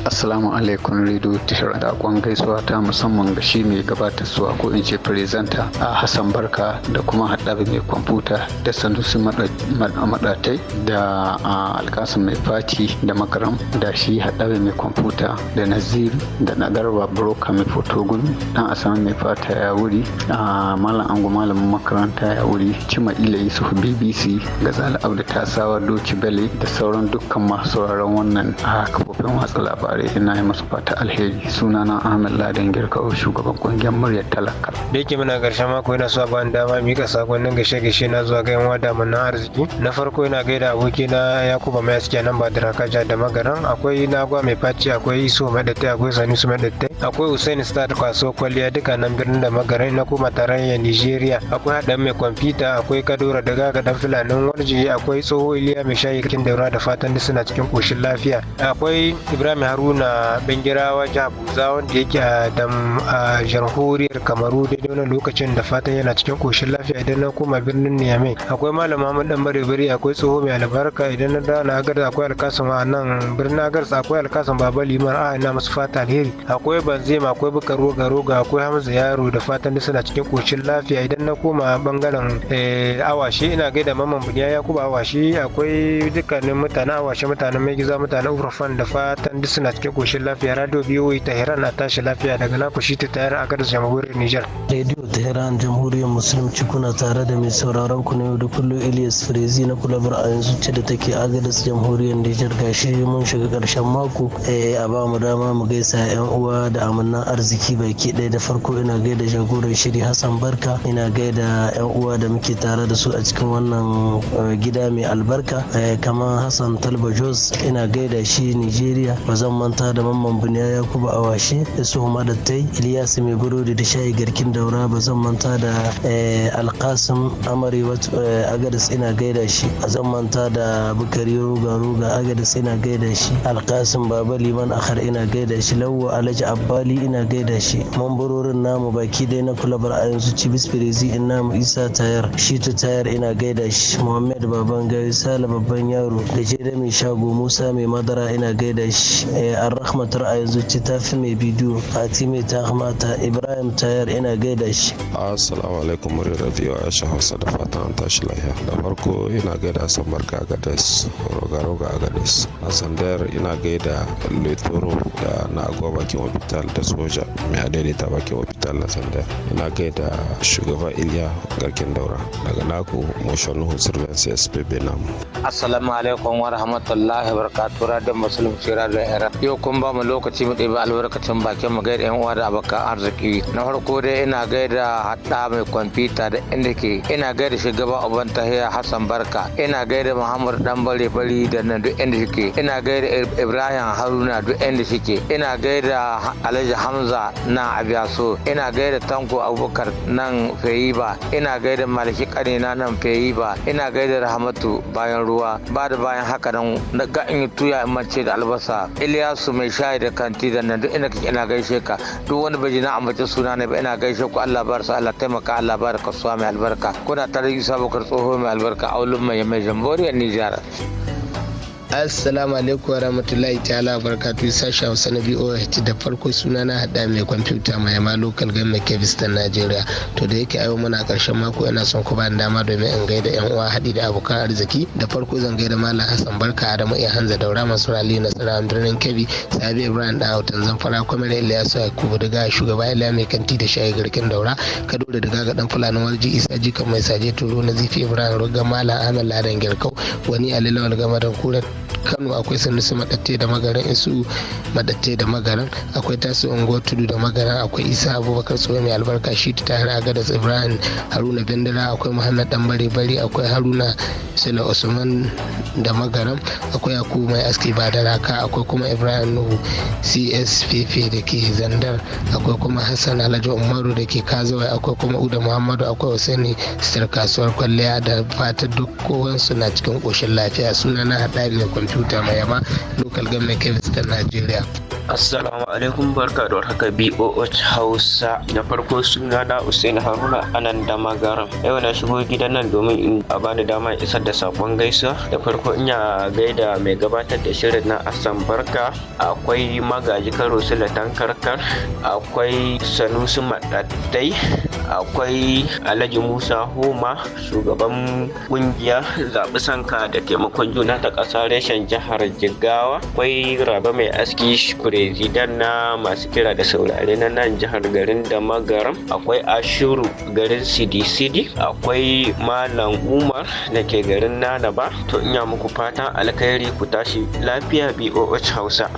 Assalamu alaikum Radio Tishar da kwan gaisuwa ta musamman ga shi mai gabatar suwa ko in ce presenter a Hassan Barka da kuma hada mai kwamfuta da Sanusi Madatai da Alkasim mai faci da makaram da shi hada mai kwamfuta da Nazir da Nagarwa Broka mai fotogun dan Asamin mai fata ya wuri a Malam Ango malamin makaranta ya wuri Cima Ila Yusuf BBC ga Zala da Tasawa Doci Bele da sauran dukkan masu sauraron wannan a kafofin watsa labarai. saurare ina yi masu fata alheri sunana ahmed ladin girka shugaban kungiyar muryar talaka da yake muna karshen mako yana so ban dama mika sakonnin gashe gashe na zuwa ga yan wada na arziki na farko yana gaida aboki na yakuba mai suke nan ba ja da magaran akwai nagwa mai faci akwai iso madatai akwai mai madatai akwai usain star kwaso kwalliya duka nan birnin da magaran na kuma tarayyar nigeria akwai haɗa mai kwamfuta akwai kadora da gaga dan filanin warji akwai tsoho iliya mai shayi kin daura da fatan da suna cikin koshin lafiya akwai ibrahim haru haruna bingirawa jabuza wanda yake a dam a jamhuriyar kamaru daidai wannan lokacin da fatan yana cikin koshin lafiya idan na koma birnin niyamai, akwai malam muhammad dan bare akwai tsoho mai albarka idan na dawo na agarza akwai alkasun a nan birnin agarza akwai alkasun baba liman a ina musu fata alheri akwai banzema akwai bukar roga roga akwai hamza yaro da fatan suna cikin koshin lafiya idan na koma bangaren eh, awashe ina gaida mamman buniya yakubu awashe akwai dukkanin mutanen awashe mutanen mai giza mutanen urfan da fatan suna kuna koshin lafiya radio biyoyi tahiran na tashi lafiya daga naku shi ta tayar a gadar jamhuriyar nijar radio tahiran jamhuriyar musulunci kuna tare da mai sauraron ku na yau da kullum ilyas firezi na kulabar a yanzu ce da take agadas jamhuriyar nijar gashi mun shiga karshen mako eh, a ba mu dama mu gaisa yan uwa da amannan arziki baki ɗaya da farko ina gaida jagoran shiri hassan barka ina gaida yan uwa da muke tare da su a cikin wannan eh, gida mai albarka eh, kamar hassan talba jos ina gaida shi nigeria ba zan manta da mamman buniya yakubu awashe da su huma da tai ilyasu mai burodi da shayi garkin daura ba zan manta da eh, alkasim amari eh, agadis ina gaida shi a zan manta da bukari ruga ruga agadis ina gaida shi alkasim baba liman akhar ina gaida shi lawa alhaji abbali ina gaida shi mambarorin namu baki dai na kula kulabar a yanzu cibis firezi in namu isa tayar shitu tayar ina gaida shi muhammad baban gari sale babban yaro da jere mai shago musa mai madara ina gaida shi eh, an rahmatar a yanzu ce ta fi mai bidiyo timi ta hamata ibrahim tayar ina gaida shi assalamu alaikum murin rabiwa ya shi hausa da fatan tashi lafiya da farko ina gaida san barka ga roga-roga a gadas a sandar ina gaida letoro da na agwa bakin hospital da soja mai adaidaita bakin hospital na sandar ina gaida shugaba iliya garkin daura daga naku motion nuhu surveillance spb namu assalamu alaikum wa rahmatullahi barkatu don musulun shira da yara yau kun ba mu lokaci mu ɗebi albarkacin bakin mu gaida yan uwa da abokan arziki na farko dai ina gaida haɗa mai kwamfuta da inda ke ina gaida shugaba uban tahiya hassan barka ina gaida muhammad dan bare bari jaridar nan duk inda shike ina gaida ibrahim haruna duk inda shike ina gaida alhaji hamza na abiyaso ina gaida tanko abubakar nan feyi ina gaida maliki kanina nan feyi ina gaida rahmatu bayan ruwa ba da bayan haka nan na ga in tuya in mace da albasa iliyasu mai shayi da kanti da nan duk ina ina gaishe ka duk wani bai na ambaci suna ne ba ina gaishe ku Allah bar sa Allah taimaka Allah bar ka suwa mai albarka kuna tare Yusa Bakar tsoho mai albarka aulun mai mai jamboriyar Nijar assalamu alaikum warahmatullahi ta'ala barakatuh sashen hausa na boh da farko suna na hada mai kwamfuta mai ma local government kevistan nigeria to da yake ayo muna karshen mako yana son ku da dama domin in gaida yan uwa hadi da abokan arziki da farko zan gaida malam hassan barka adamu iya hanza daura masu rali na tsirawan birnin kebbi sabi ibrahim da hautan zamfara kwamar ilyasu yakubu daga shugaba ila mai kanti da shayi garkin daura kado da daga ga dan fulani waje isa jikan mai saje turo na zifi ibrahim ruga malam ahmed ladan girkau wani alilawar gamadan kurar kano akwai su madatte da magaran isu madatte da magaran akwai tasu ungo tudu da magaran akwai isa abubakar tsoho mai albarka shi ta tare agadas ibrahim haruna bindira akwai muhammad dan bari bari akwai haruna sila usman da magaran akwai aku mai aski ba da raka akwai kuma ibrahim nuhu cspp da ke zandar akwai kuma hassan alhaji umaru da ke kazawai akwai kuma uda muhammadu akwai usaini sitar kasuwar kwalliya da fatan duk kowansu na cikin koshin lafiya sunana haɗari da kwamfuta mai yama local government kebis ta najeriya Assalamu alaikum barka da warhaka BOH Hausa na farko suna na Usain Haruna anan da magaram yau na shigo gidan nan domin in a bani dama isar da sakon gaisuwa da farko in ya gaida mai gabatar da shirin na Asan Barka akwai magaji karo sila tankarkar akwai Sanusi Madattai akwai Alhaji Musa Homa shugaban kungiya zaɓi sanka da taimakon juna ta ƙasa reshen jihar Jigawa akwai Rabe mai aski firezidan na masu kira da saurare na nan jihar garin da magaram akwai ashuru garin sidi-sidi akwai malam umar da ke garin nanaba to ina muku fatan alkhairi ku tashi lafiya boh hausa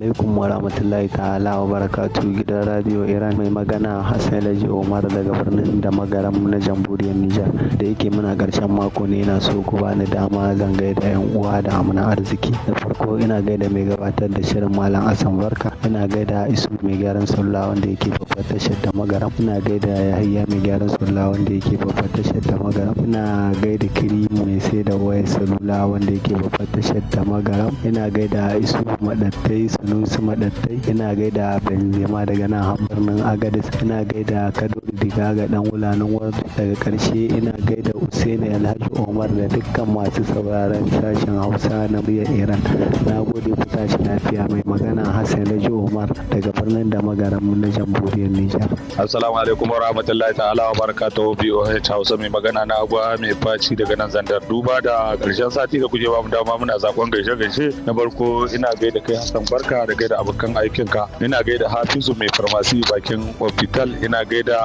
alaikum warahmatullahi ta'ala wa barakatu gidan radio Iran mai magana Hassan Laji Omar daga birnin da magaram na jamhuriyar Nijar da yake muna karshen mako ne yana so ku bani dama zan gaida yan uwa da amina arziki da farko ina gaida mai gabatar da shirin malam Hassan Barka ina gaida Isu mai gyaran sulla wanda yake babbar tashar da magaram ina gaida yahiya mai gyaran sulla wanda yake babbar tashar da magaram ina gaida Kirimu mai sai da wayar salula wanda yake babbar tashar da magaram ina gaida Isu madattai Sanusi Madattai ina gaida Benzema daga nan har birnin Agadez ina gaida kado diga ga dan wulanin Warji daga karshe ina gaida Usaini Alhaji Umar da dukkan masu sauraron sashen Hausa na muryar Iran na gode ku tashi lafiya mai magana Hassan Laji Umar daga birnin da magaran na jamhuriyar Nijar Assalamu alaikum warahmatullahi ta'ala wa barakatuhu BOH Hausa mai magana na agwa mai faci daga nan Zandar duba da karshen sati da kuje ba mu dama muna zakon gaishe gaishe na farko ina gaida kai Hassan Barka barka da gaida abokan aikinka ina gaida hafizu mai farmasi bakin hospital ina gaida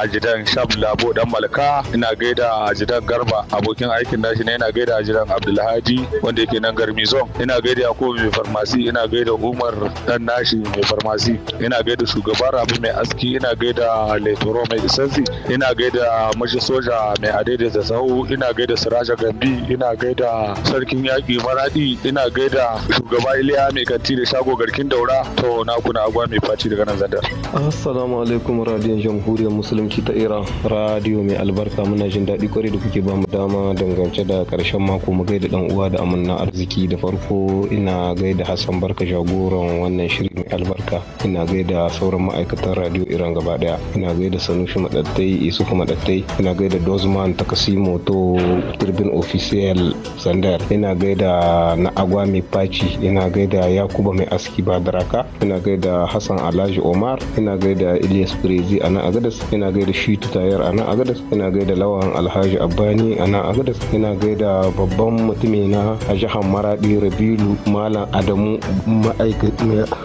ajidan shab labo dan malaka ina gaida ajidan garba abokin aikin nashi ne ina gaida ajidan abdulhadi wanda yake nan garmi ina gaida yakubu mai farmasi ina gaida umar dan nashi mai farmasi ina gaida shugaba rabi mai aski ina gaida laitoro mai isansi ina gaida mashi soja mai adaidai da sahu ina gaida siraja gambi ina gaida sarkin yaƙi maradi ina gaida shugaba iliya mai kanti da shago shago garkin daura to na kuna agwa mai faci daga nan zadar. assalamu alaikum radiyon jamhuriyar musulunci ta iran radiyo mai albarka muna jin daɗi kwarai da kuke bamu dama dangance da karshen mako mu gaida dan uwa da amanna arziki da farko ina gaida hassan barka jagoran wannan shiri mai albarka ina gaida sauran ma'aikatan radiyo iran gaba daya ina gaida sanushi madattai isufu madattai ina gaida dozman takasimo to turbin official sandar ina gaida na agwa mai faci ina gaida yakuba mai aski ba daraka ina gaida hassan alhaji omar ina gaida ilyas brezi a nan agadas ina gaida shitu tayar a nan agadas ina gaida lawan alhaji abani a nan agadas ina gaida babban mutumi na jihar maradi rabilu malam adamu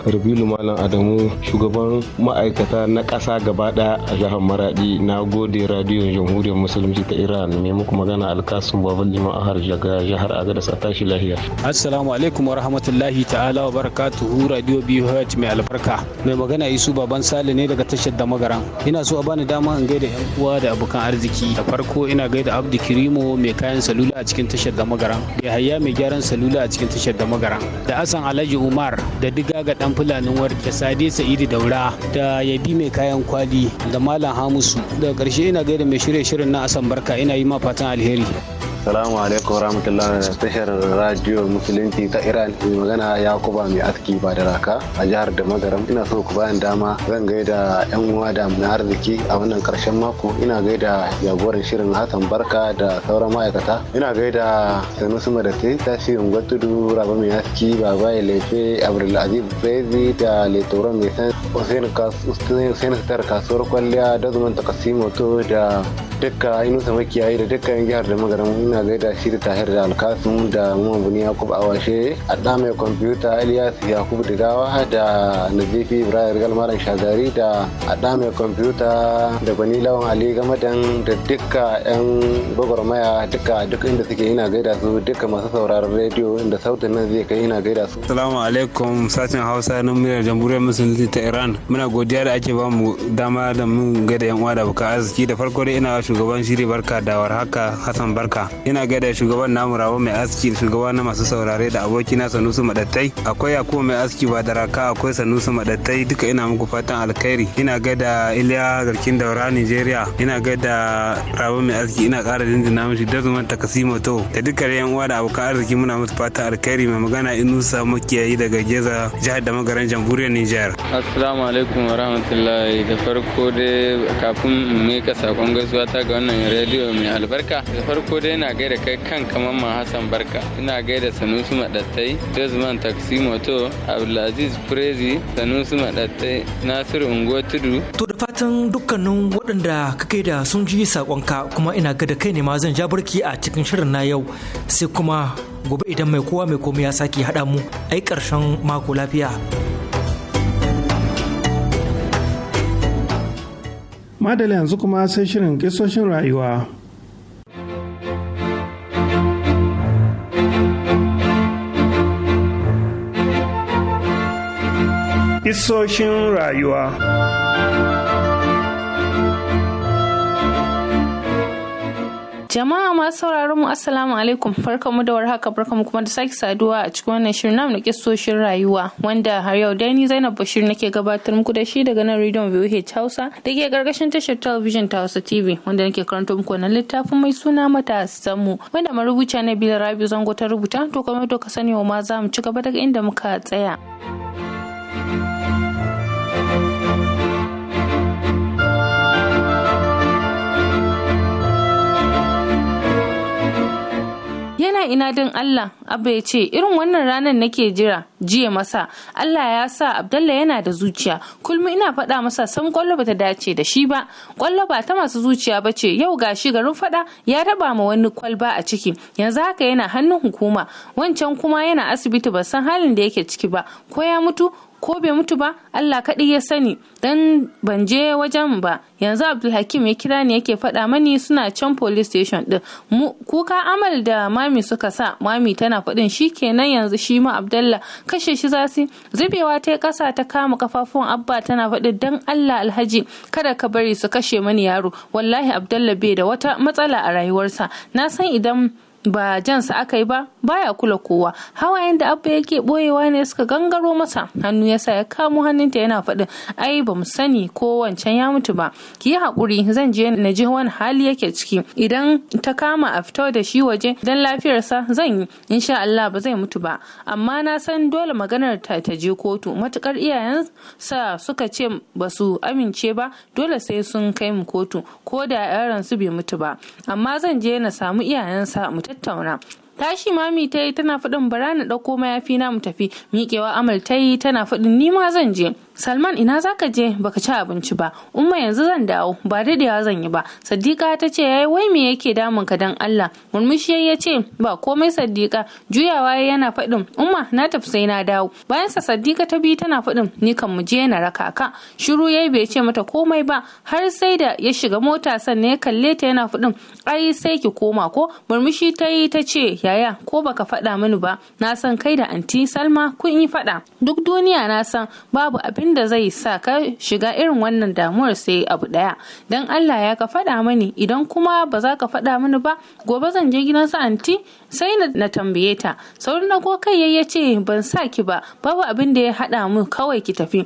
rabilu malam adamu shugaban ma'aikata na ƙasa gaba daya a jihar maradi na gode radiyon jamhuriyar musulunci ta iran mai muku magana alkasun babal liman a jihar agadas a tashi lahiya assalamu alaikum wa rahmatullahi ta'ala wa barakatu tuhu radio biyu hertz mai albarka mai magana isu baban sale ne daga tashar da magaran ina so a bani dama in gaida yan uwa da abokan arziki da farko ina gaida abdu kirimo mai kayan salula a cikin tashar da magaran da hayya mai gyaran salula a cikin tashar da magaran da asan alhaji umar da diga ga dan fulanin warke sade sa'idi daura da yabi mai kayan kwali da malam hamusu daga karshe ina gaida mai shirye shirin na asan barka ina yi ma fatan alheri Salamu alaikum rahmatullahi tashar radio musulunci ta Iran mai magana Yakuba mai aski ba da raka a jihar da magaram ina so ku bayan dama zan gaida yan uwa da na arziki a wannan karshen mako ina gaida jagoran shirin Hassan Barka da sauran ma'aikata ina gaida Sanusi ta tashi Ungwa Tudu Rabe mai aski Baba Lefe Abdul Aziz Bezi da Letoro mai san Hussein Sitar kasuwar kwalliya da zumunta Kasimoto da dukkan ainihin samakiyayi da dukkan jihar da magaramu ina gaida shi da tahir da alkasun da mamman yakub awashe da mai kwamfuta ilyas yakub digawa da nazifi ibrahim galmaran shagari da a da mai kwamfuta da gwani lawan ali gamadan da dukka yan gwagwarmaya duka duk inda suke ina gaida su duka masu sauraron rediyo inda sautin nan zai kai ina gaida su assalamu alaikum sashen hausa na muryar jamhuriyar musulunci ta iran muna godiya da ake bamu dama da mun gaida yan uwa da buka arziki da farko dai ina shugaban shiri barka da warhaka hassan barka ina gaida shugaban namu rawa mai aski shugaba na masu saurare da abokina sanusu madattai akwai yakubu mai aski ba da raka akwai sanusu madattai duka ina muku fatan alkhairi ina gaida iliya garkin daura nigeria ina gaida rawa mai aski ina kara jinjina mishi da zuman takasimo to da duka yan uwa da abokan arziki muna musu fatan alkhairi mai magana inusa makiyayi daga geza jihar da magaran jamhuriyar niger assalamu alaikum wa rahmatullahi da farko dai kafin mai ka sakon gaisuwa ta ga wannan rediyo mai albarka da farko dai na ina gaida kai kan kamar ma hassan barka ina gaida sanusi madattai jesman taxi moto abdulaziz prezi sanusi madattai nasiru ungo tudu to da fatan dukkanin waɗanda ka da sun ji sakonka kuma ina gada kai ne ma zan ja barki a cikin shirin na yau sai kuma gobe idan mai kowa mai komai ya sake haɗa mu ai ƙarshen mako lafiya madala yanzu kuma sai shirin kisoshin rayuwa Hissoshin rayuwa Jama'a masu sauraron mu Assalamu alaikum farkamu da warhaka mu kuma da sake saduwa a cikin wannan shirin namu na kissoshin rayuwa wanda har yau dai ni Zainab Bashir nake gabatar muku da shi daga nan Radio VOH Hausa da ke gargashin tashar Television ta Hausa TV wanda nake karanto muku wannan littafin mai suna mata mu wanda na Nabila Rabi Zango ta rubuta to kamar to ka sani ma za mu ci gaba daga inda muka tsaya. yana ina don Allah abu ya ce irin wannan ranar nake jira jiya masa Allah ya sa Abdallah yana da zuciya kulmi ina faɗa masa san kwallo bata dace da shi ba kwallo ba ta masu zuciya ba ce yau gashi garin faɗa ya raba ma wani kwalba a ciki yanzu haka yana hannun hukuma wancan kuma yana asibiti ba san halin da yake ciki ba ko ya mutu ko bai mutu ba Allah kaɗai ya sani dan ban je wajen ba yanzu Abdulhakim ya kira ni yake faɗa mani suna can police station din kuka amal da mami suka sa mami tana faɗin shi kenan yanzu shi ma kashe shi zasi zubewa ta ƙasa ta kama kafafun abba tana faɗin dan Allah alhaji kada ka bari su kashe mani yaro wallahi abdullah bai da wata matsala a rayuwarsa na san idan ba jansa aka yi ba baya kula kowa hawayen da abba yake boyewa ne suka gangaro masa hannu ya sa ya kamo hannunta yana faɗin ai ba mu sani ko wancan ya mutu ba ki yi haƙuri zan je na ji wani hali yake ciki idan ta kama a fito da shi waje don lafiyarsa zan yi insha Allah ba zai mutu ba amma na san dole maganar ta ta je kotu matukar iyayensa suka ce ba su amince ba dole sai sun kai mu kotu ko da yaransu bai mutu ba amma zan je na samu iyayensa mutum tattauna tashi mami ta yi tana faɗin bara na ɗauko mayafi na mu tafi miƙewa amal ta yi tana faɗin nima zan je Salman ina zaka je baka ci abinci ba umma yanzu zan dawo ba daɗewa zan yi ba Sadiqa ta ce yayi wai me yake damun ka dan Allah murmushi ya ce ba komai Sadiqa juyawa yana faɗin umma na tafi sai na dawo bayan sa ta bi tana faɗin ni kan mu je na raka ka shiru yayi bai ce mata komai ba har sai da ya shiga mota sannan ya kalle ta yana faɗin ai sai ki koma ko murmushi ta yi ta ce yaya ko baka faɗa mini ba na san kai da anti Salma kun yi faɗa duk duniya na san babu abin da zai sa ka shiga irin wannan damuwar sai abu daya don Allah ya ka faɗa mani idan kuma ba za ka faɗa mani ba gobe zan je gidan su anti sai na tambaye ta saurin na ko kai ya ce ban sa ki ba babu abin da ya haɗa mu kawai ki tafi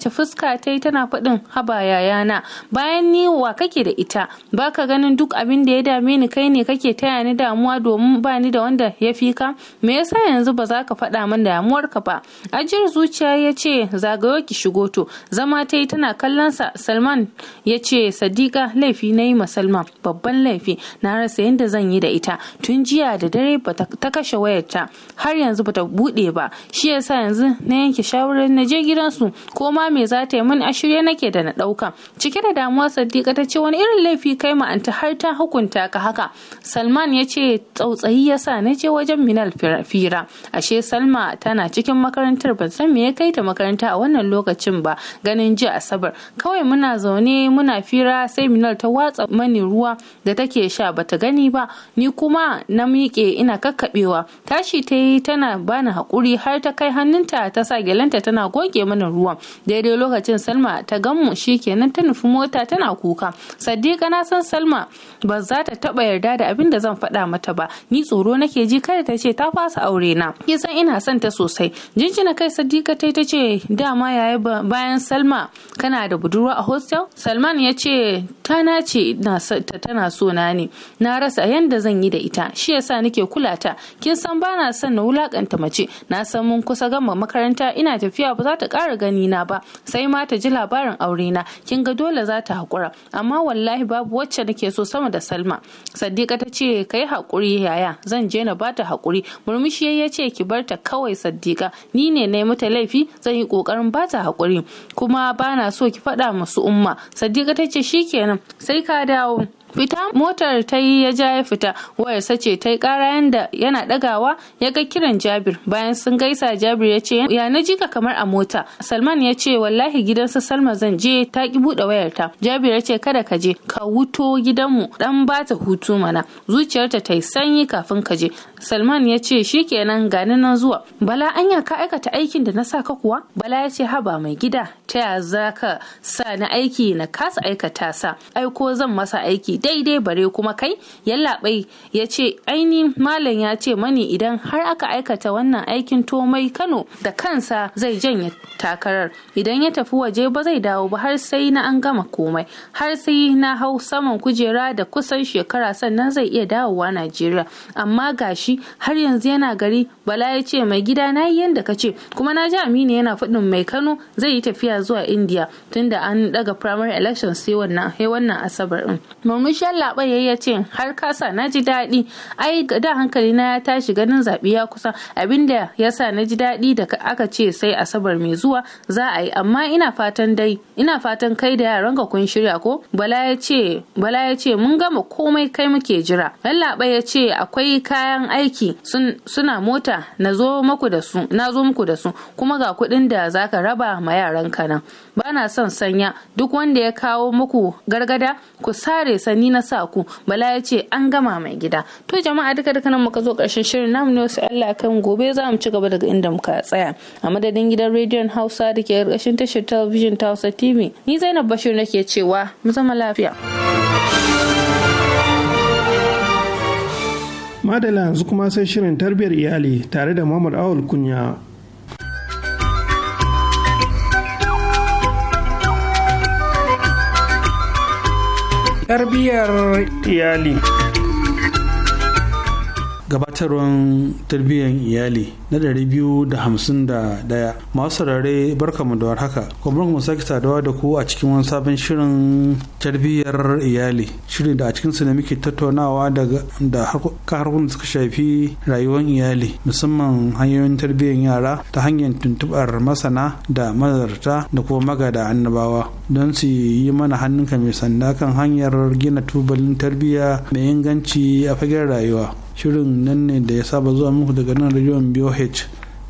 ce fuska ta yi tana faɗin haba yayana bayan ni wa kake da ita baka ganin duk abin da ya dame ni kai ne kake taya ni damuwa domin ba ni da wanda ya fi ka me yasa yanzu ba za ka faɗa min damuwar ka ba ajiyar zuciya ya ce zagayo ki shigo to zama ta yi tana kallon sa salman ya ce sadiqa laifi na yi ma salman babban laifi na rasa yadda zan yi da ita tun jiya da dare ta kashe wayarta har yanzu bata buɗe ba shi yasa yanzu na yanke shawarar na je gidansu ko ma me za ta yi mun a shirye nake da na ɗauka cike da damuwa sadiqa ta ce wani irin laifi kai ma anta har ta hukunta ka haka salman ya ce tsautsayi yasa na je wajen minal fira ashe salma tana cikin makarantar ban san me ya kai ta makaranta a wannan lokacin ba ganin ji asabar kawai muna zaune muna fira sai minal ta watsa mani ruwa da take sha bata gani ba ni kuma na miƙe rike ina kakkaɓewa tashi ta yi tana bani haƙuri har ta kai hannunta ta sa gelanta tana goge mana ruwan daidai lokacin salma ta ganmu shi kenan ta nufi mota tana kuka sadiqa na san salma ba za ta taɓa yarda da abin da zan faɗa mata ba ni tsoro nake ji kada ta ce ta fasa aure na kisan ina son ta sosai jinjina kai sadiqa ta ta ce dama yayi bayan salma kana da budurwa a hostel salman ya ce ta nace tana so na ne na rasa yanda zan yi da ita shi yasa nake kula ta kin san ba na son na wulakanta mace na san mun kusa gama makaranta ina tafiya ba za ta ƙara gani na ba sai ma ta ji labarin aure na kin ga dole za ta haƙura amma wallahi babu wacce nake so sama da Salma Saddiqa ta ce kai haƙuri yaya zan je na bata haƙuri murmushi ya ce ki bar ta kawai Saddiqa ni ne na mata laifi zan yi ƙoƙarin bata haƙuri kuma bana so ki faɗa musu umma Saddiqa ta ce shikenan sai ka dawo fita motar ta yi ya ja ya fita wayar sace ta yi kara yanda yana dagawa ya ga kiran jabir bayan sun gaisa jabir ya ce ya na jika kamar a mota salman ya ce wallahi gidan su salma zan je ta ki bude wayar ta jabir ya ce kada ka je ka wuto gidanmu dan ba ta hutu mana zuciyarta ta yi sanyi kafin ka je salman ya ce shikenan gani nan zuwa bala anya ka aikata aikin da na sa ka kuwa bala ya ce haba mai gida ta ya za ka sa na aiki na kasa aikata sa aiko zan masa aiki daidai bare kuma kai yallaɓai ya ce aini malam ya ce mani idan har aka aikata wannan aikin tomai kano da kansa zai janye takarar idan ya tafi waje ba zai dawo ba har sai na an gama komai har sai na hau saman kujera da kusan shekara sannan zai iya dawowa najeriya amma gashi har yanzu yana gari bala ya ce mai gida na yi yadda ka ce kuma na ji aminu yana faɗin mai kano zai yi tafiya zuwa india tunda an daga primary election sai wannan asabar murmushin laɓa ya ce har kasa na ji daɗi ai da hankali na ya tashi ganin zaɓi ya kusa abinda ya sa na ji daɗi da aka ce sai asabar mai zuwa za a yi amma ina fatan dai ina fatan kai da yaran ka kun shirya ko bala ya ce bala ya ce mun gama komai kai muke jira lallaɓa ya ce akwai kayan aiki suna mota na zo muku da su na zo muku da su kuma ga kuɗin da za ka raba ma yaran ka nan bana son sanya duk wanda ya kawo muku gargada ku sare sani ni na sa ku bala ya ce an gama mai gida to jama'a duka duka nan muka zo karshen shirin namu ne wasu Allah kan gobe za mu ci gaba daga inda muka tsaya a madadin gidan rediyon Hausa da ke karkashin tashar talabijin ta Hausa TV ni Zainab Bashir nake cewa mu zama lafiya Madala yanzu kuma sai shirin tarbiyyar iyali tare da Muhammad Awul Kunya tarbiyyar iyali gabatarwar tarbiyyar iyali na 251 masu saurare mu da haka kuma mu sake saduwa da ku a cikin wani sabon shirin tarbiyyar iyali shirin da a cikin su ne muke tattaunawa da harkokin da suka shafi rayuwar iyali musamman hanyoyin tarbiyyar yara ta hanyar tuntubar masana da mazarta da kuma magada annabawa don su yi mana hannunka mai sanda kan hanyar gina tubalin tarbiyya mai inganci a fagen rayuwa shirin nan ne da ya saba zuwa muku daga nan rajon BOH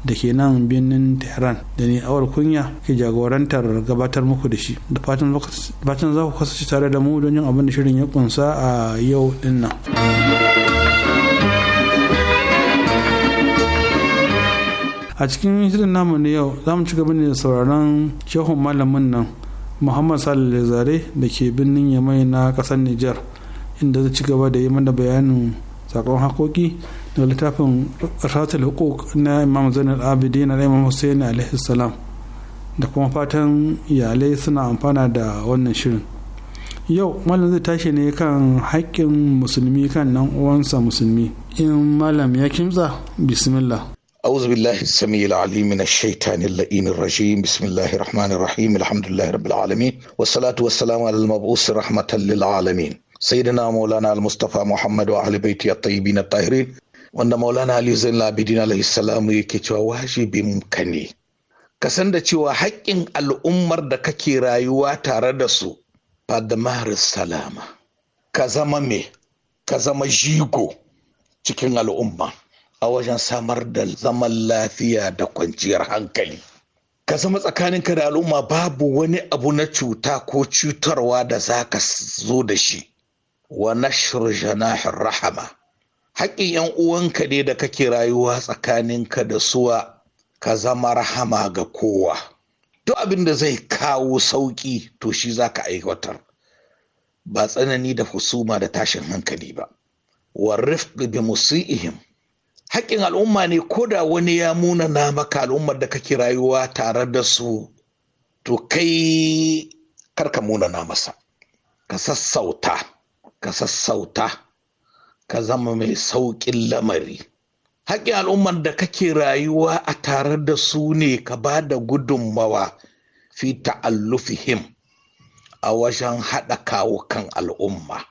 da ke nan birnin Tehran da ni awar kunya ke jagorantar gabatar muku da shi da fatan za ku kasance tare da mu don yin abin da shirin ya kunsa a yau dinnan. a cikin shirin namu na yau za mu ci gaba ne da sauraron shehun malamin nan muhammad salih zare da ke birnin yamai na kasar nijar inda zai ci gaba da yi mana bayanin sakon haƙoƙi da littafin ratul hukuk na imam zainal abidin na imam hussein alaihi salam da kuma fatan iyalai suna amfana da wannan shirin yau malam zai tashi ne kan haƙƙin musulmi kan nan uwansa musulmi in malam ya kimtsa bismillah أعوذ بالله السميع العليم من الشيطان اللئيم الرجيم بسم الله الرحمن الرحيم الحمد لله رب العالمين والصلاة والسلام على المبعوث رحمة للعالمين sayyidina maulana al-mustafa muhammad wa ahli baiti at-tayyibin at-tahirin wanda maulana ali zain labidin alaihi salam yake cewa wajibin ka ne ka san da cewa haƙƙin al'ummar da kake rayuwa tare da su fadamar salama ka zama me ka zama jigo cikin al'umma a wajen samar da zaman lafiya da kwanciyar hankali ka zama tsakaninka da al'umma babu wani abu na cuta ko cutarwa da za ka zo da shi wa nashr janahir rahama haƙƙin yan uwanka ne da kake rayuwa tsakaninka da suwa ka zama rahama ga kowa duk abin da zai kawo sauƙi to shi za ka aiwatar ba tsanani da husuma da tashin hankali ba wa rifq bi musi'ihim haƙƙin al'umma ne ko da wani ya munana maka al'ummar da kake rayuwa tare da su to kai karka munana masa ka sassauta ka sassauta ka zama mai sauƙin lamari haƙƙin al'ummar da kake rayuwa a tare da su ne ka ba da gudunmawa fi ta'allufihim a wajen haɗa kawo kan al'umma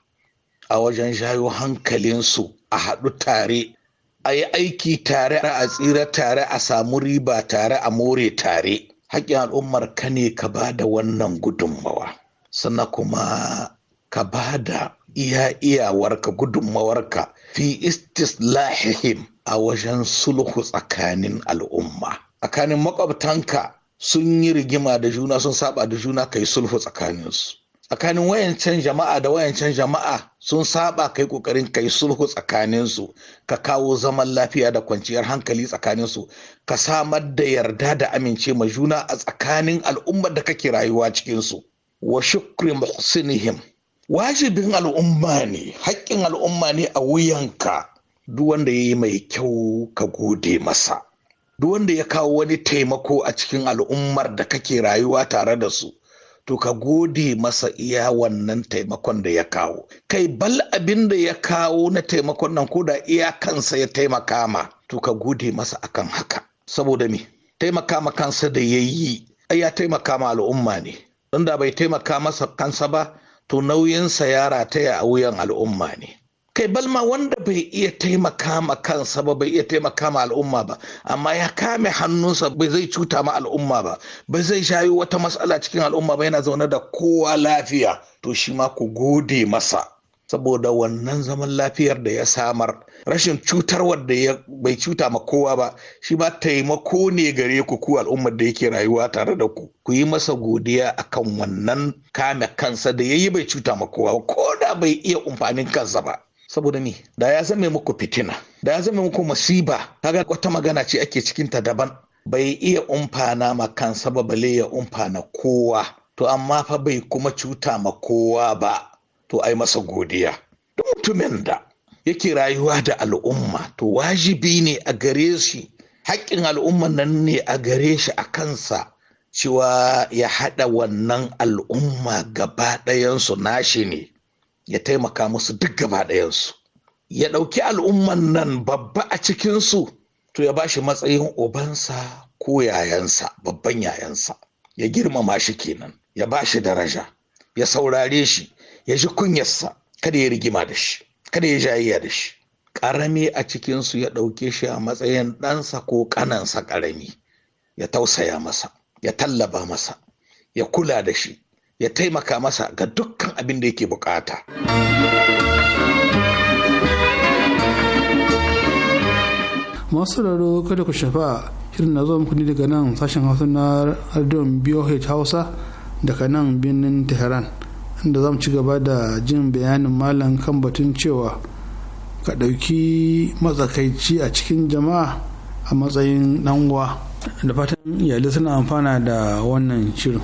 a wajen shayo hankalinsu a haɗu tare a yi aiki tare a tsira tare a samu riba tare a more tare haƙƙin al'ummar ka ne ka ba da wannan gudunmawa sannan kuma ka ba da iya iyawarka gudunmawarka fi istislahihim a wajen sulhu tsakanin al'umma tsakanin makwabtanka sun yi rigima da juna sun saba da juna kai sulhu tsakaninsu tsakanin wayancan jama'a da wayancan jama'a sun saba kai kokarin kai sulhu tsakaninsu ka kawo zaman lafiya da kwanciyar hankali tsakaninsu ka samar da yarda da amince ma juna a tsakanin al'ummar da kake rayuwa cikinsu wa shukri muhsinihim wajibin al'umma ne haƙƙin al'umma ne a wuyanka duk wanda ya yi mai kyau ka gode masa duk wanda ya kawo wani taimako a cikin al'ummar da kake rayuwa tare da su to ka gode masa iya wannan taimakon da ya kawo kai bal abin da ya kawo na taimakon nan ko da iya kansa ya taimaka ma to ka gode masa akan haka saboda me taimaka ma kansa da ya yi ya taimaka ma al'umma ne don da bai taimaka masa kansa ba to nauyinsa ya rataya a wuyan al'umma ne kai balma wanda bai iya taimaka ma kansa ba bai iya taimaka ma al'umma ba amma ya kame hannunsa bai zai cuta ma al'umma ba bai zai shayi wata matsala cikin al'umma ba yana zaune da kowa lafiya to shi ma ku gode masa saboda wannan zaman lafiyar da ya samar rashin cutarwar ya bai cuta ma kowa ba shi ba taimako ne gare ku ku al'ummar da yake rayuwa tare da ku ku yi masa godiya akan wannan kame kansa da ya yi bai cuta ma kowa ko da bai iya umfanin kansa ba saboda ni da ya zame muku fitina da ya zame muku masiba kaga wata magana ce ake cikin ta daban bai iya umfana ma kansa ba bale ya umfana kowa to amma fa bai kuma cuta ma kowa ba to ai masa godiya duk mutumin da yake rayuwa da al'umma to wajibi ne a gare shi haƙƙin al'umman nan ne a gare shi a kansa cewa ya haɗa wannan al'umma gaba ɗayansu nashi ne ya taimaka musu duk gaba ɗayansu ya ɗauki al'umman nan babba a cikinsu to ya bashi matsayin obansa ko yayansa babban yayansa ya girmama shi kenan ya bashi daraja ya saurare shi ya ji kunyarsa kada ya rigima da shi kada ya jayayya da shi ƙarami a cikinsu ya ɗauke shi a matsayin ɗansa ko ƙanansa ƙarami ya tausaya masa ya tallaba masa ya kula da shi ya taimaka masa ga dukkan abin da yake bukata. masu raro kada ku shafa shirin na zuwa ne daga nan sashen hausa na radion BOH Hausa daga nan birnin Tehran. inda zamu ci gaba da jin bayanin malam kan batun cewa ka ɗauki matsakaici a cikin jama'a a matsayin ɗan uwa da fatan iyalai suna amfana da wannan shirin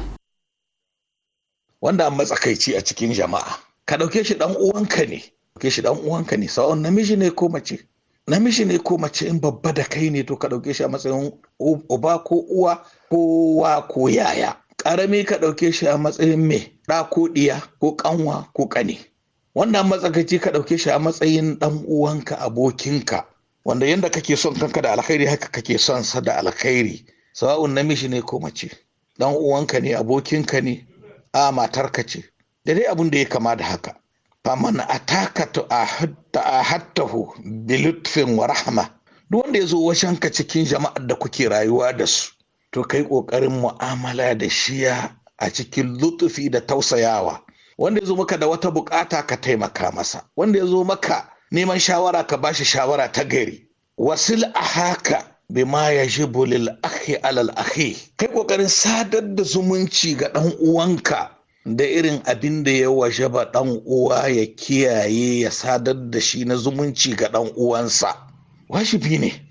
wanda matsakaici a cikin jama'a ka ɗauke shi ɗan uwanka ne ɗauke shi ɗan uwanka ne sa'on namiji ne ko mace namiji ne ko mace in babba da kai ne to ka ɗauke shi a matsayin uba ko uwa ko wa ko yaya ƙarami ka ɗauke shi a matsayin me ɗa ko ɗiya ko ƙanwa ko ƙane wannan matsakaci ka ɗauke shi a matsayin ɗan uwanka abokinka wanda yadda kake son kanka da alkhairi haka kake son sa da alkhairi sawa'un namiji ne ko mace ɗan uwanka ne abokinka ne a matarka ce da dai abin da ya kama da haka faman ataka ta'ahattahu bi lutfin wa rahma duk wanda ya zo wajenka cikin jama'ar da kuke rayuwa da su to kai ƙoƙarin mu'amala da shiya a cikin lutufi da tausayawa wanda ya zo maka da wata bukata ka taimaka masa wanda ya zo maka neman shawara ka bashi shawara ta gari wasil a haka bima ya ji bulil akhi alal akhi kai kokarin sadar da zumunci ga dan uwanka da irin abin da ya wajaba dan uwa ya kiyaye ya sadar da shi na zumunci ga dan uwansa wajibi ne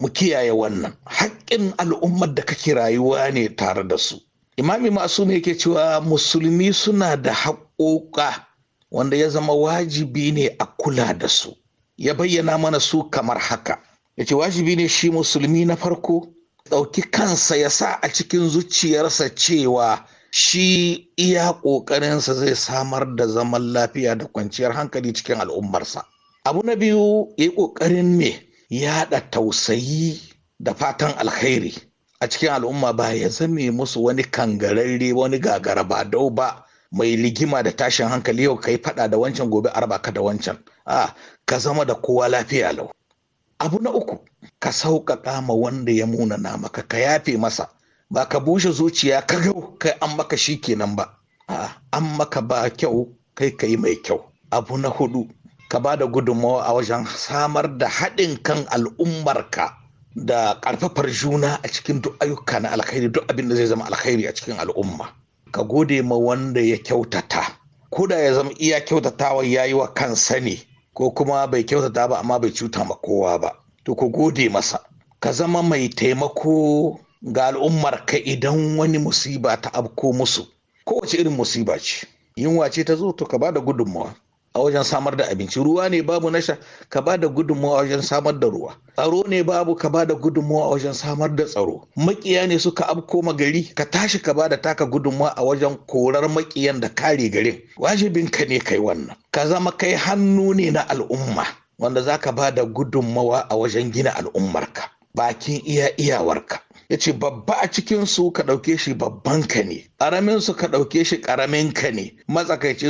mu kiyaye wannan haƙƙin al'ummar da kake rayuwa ne tare da su imami masu yake cewa musulmi suna da haƙoƙa wanda ya zama wajibi ne a kula da su ya bayyana mana su kamar haka ya ce wajibi ne shi musulmi na farko ɗauki kansa ya sa a cikin zuciyarsa cewa shi iya ƙoƙarinsa zai samar da zaman lafiya da kwanciyar hankali cikin al'ummarsa abu na biyu ya yi ƙoƙarin me yaɗa tausayi da fatan alkhairi a cikin al'umma ba ya zame musu wani kangararre wani gagara ba dau ba mai ligima da tashin hankali yau kai fada da wancan gobe araba ka da wancan a ka zama da kowa lafiya lau abu na uku ka sauƙaƙa ma wanda ya munana maka ka yafe masa ba ka bushe zuciya ka gau kai an maka shi kenan ba an maka ba kyau kai ka yi mai kyau abu na hudu ka ba da gudunmawa a wajen samar da haɗin kan al'ummarka da ƙarfafar juna a cikin duk ayyuka na alkhairi duk abin da zai zama alkhairi a cikin al'umma ka gode ma wanda ya kyautata ko da ya zama iya kyautatawa ya yi wa kansa ne ko kuma bai kyautata ba amma bai cuta ma kowa ba to ku gode masa ka zama mai taimako ga al'ummar ka idan wani musiba ta abko musu kowace irin musiba ce yunwa ce ta zo to ka ba da gudunmawa a wajen samar da abinci ruwa ne babu nasha ka ba da gudunmawa wajen samar da ruwa tsaro ne babu ka ba da gudunmawa wajen samar da tsaro makiya ne suka afko gari ka tashi ka ba da taka gudunmawa a wajen korar makiyan da kare garin wajibin ka ne kai wannan ka zama kai hannu ne na al'umma wanda za ka ba da gudunmawa a wajen gina al'ummarka bakin iya iyawarka ya ce babba a cikinsu ka ɗauke shi babban ka ne ƙaraminsu ka ɗauke shi ƙaramin ka ne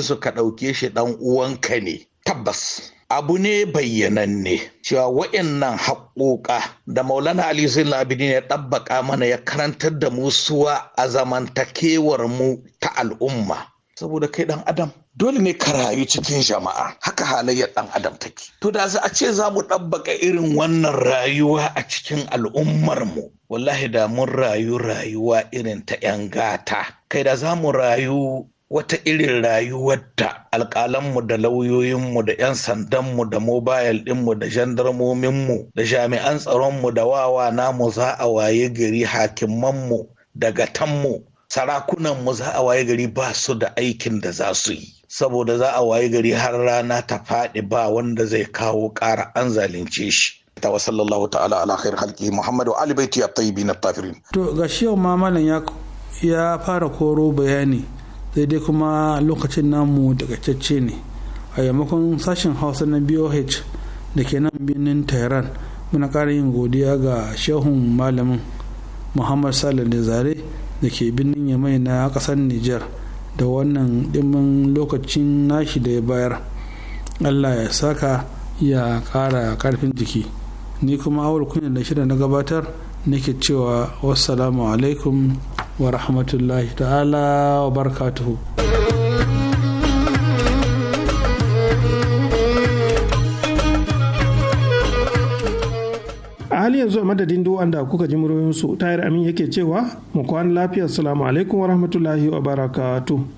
su ka ɗauke shi ɗan uwanka ne tabbas abu ne bayyananne cewa waɗannan haƙoƙa da maulana ali zain ne ya ɗabbaƙa mana ya karantar da mu suwa a zamantakewar mu ta al'umma saboda kai ɗan adam dole ne ka rayu cikin jama'a haka halayyar ɗan adam take to da a ce za mu ɗabbaka irin wannan rayuwa a cikin al'ummar mu wallahi da mun rayu rayuwa irin ta 'yan gata kai da za mu rayu wata irin rayuwar da alƙalanmu da lauyoyinmu da 'yan sandanmu da mobile ɗinmu da jandarmominmu da jami'an tsaronmu da wawa namu za a waye gari hakimanmu da gatanmu sarakunanmu za a waye gari ba su da aikin da za su yi saboda za a waye gari har rana ta faɗi ba wanda zai kawo ƙara an zalunce shi ta wa sallallahu ta'ala ala khair halki muhammadu ali baiti at-tayyibin at-tafirin to ga shi ma malam ya ya fara koro bayani sai dai kuma lokacin namu daga cacce ne a yamakon sashen hausa na boh da ke nan birnin tehran muna ƙara yin godiya ga shehun malamin muhammad salih da zare da ke birnin yamai na ƙasar niger da wannan ɗimin lokacin nashi da ya bayar allah ya saka ya ƙara ƙarfin jiki ni kuma awal kunya da shida na gabatar nake cewa wassalamu alaikum wa rahmatullahi ta'ala wa barakatuhu hali yanzu a madadin duk wanda kuka ji muryoyinsu tayar amin yake cewa mu kwana lafiya salamu alaikum wa rahmatullahi wa barakatuh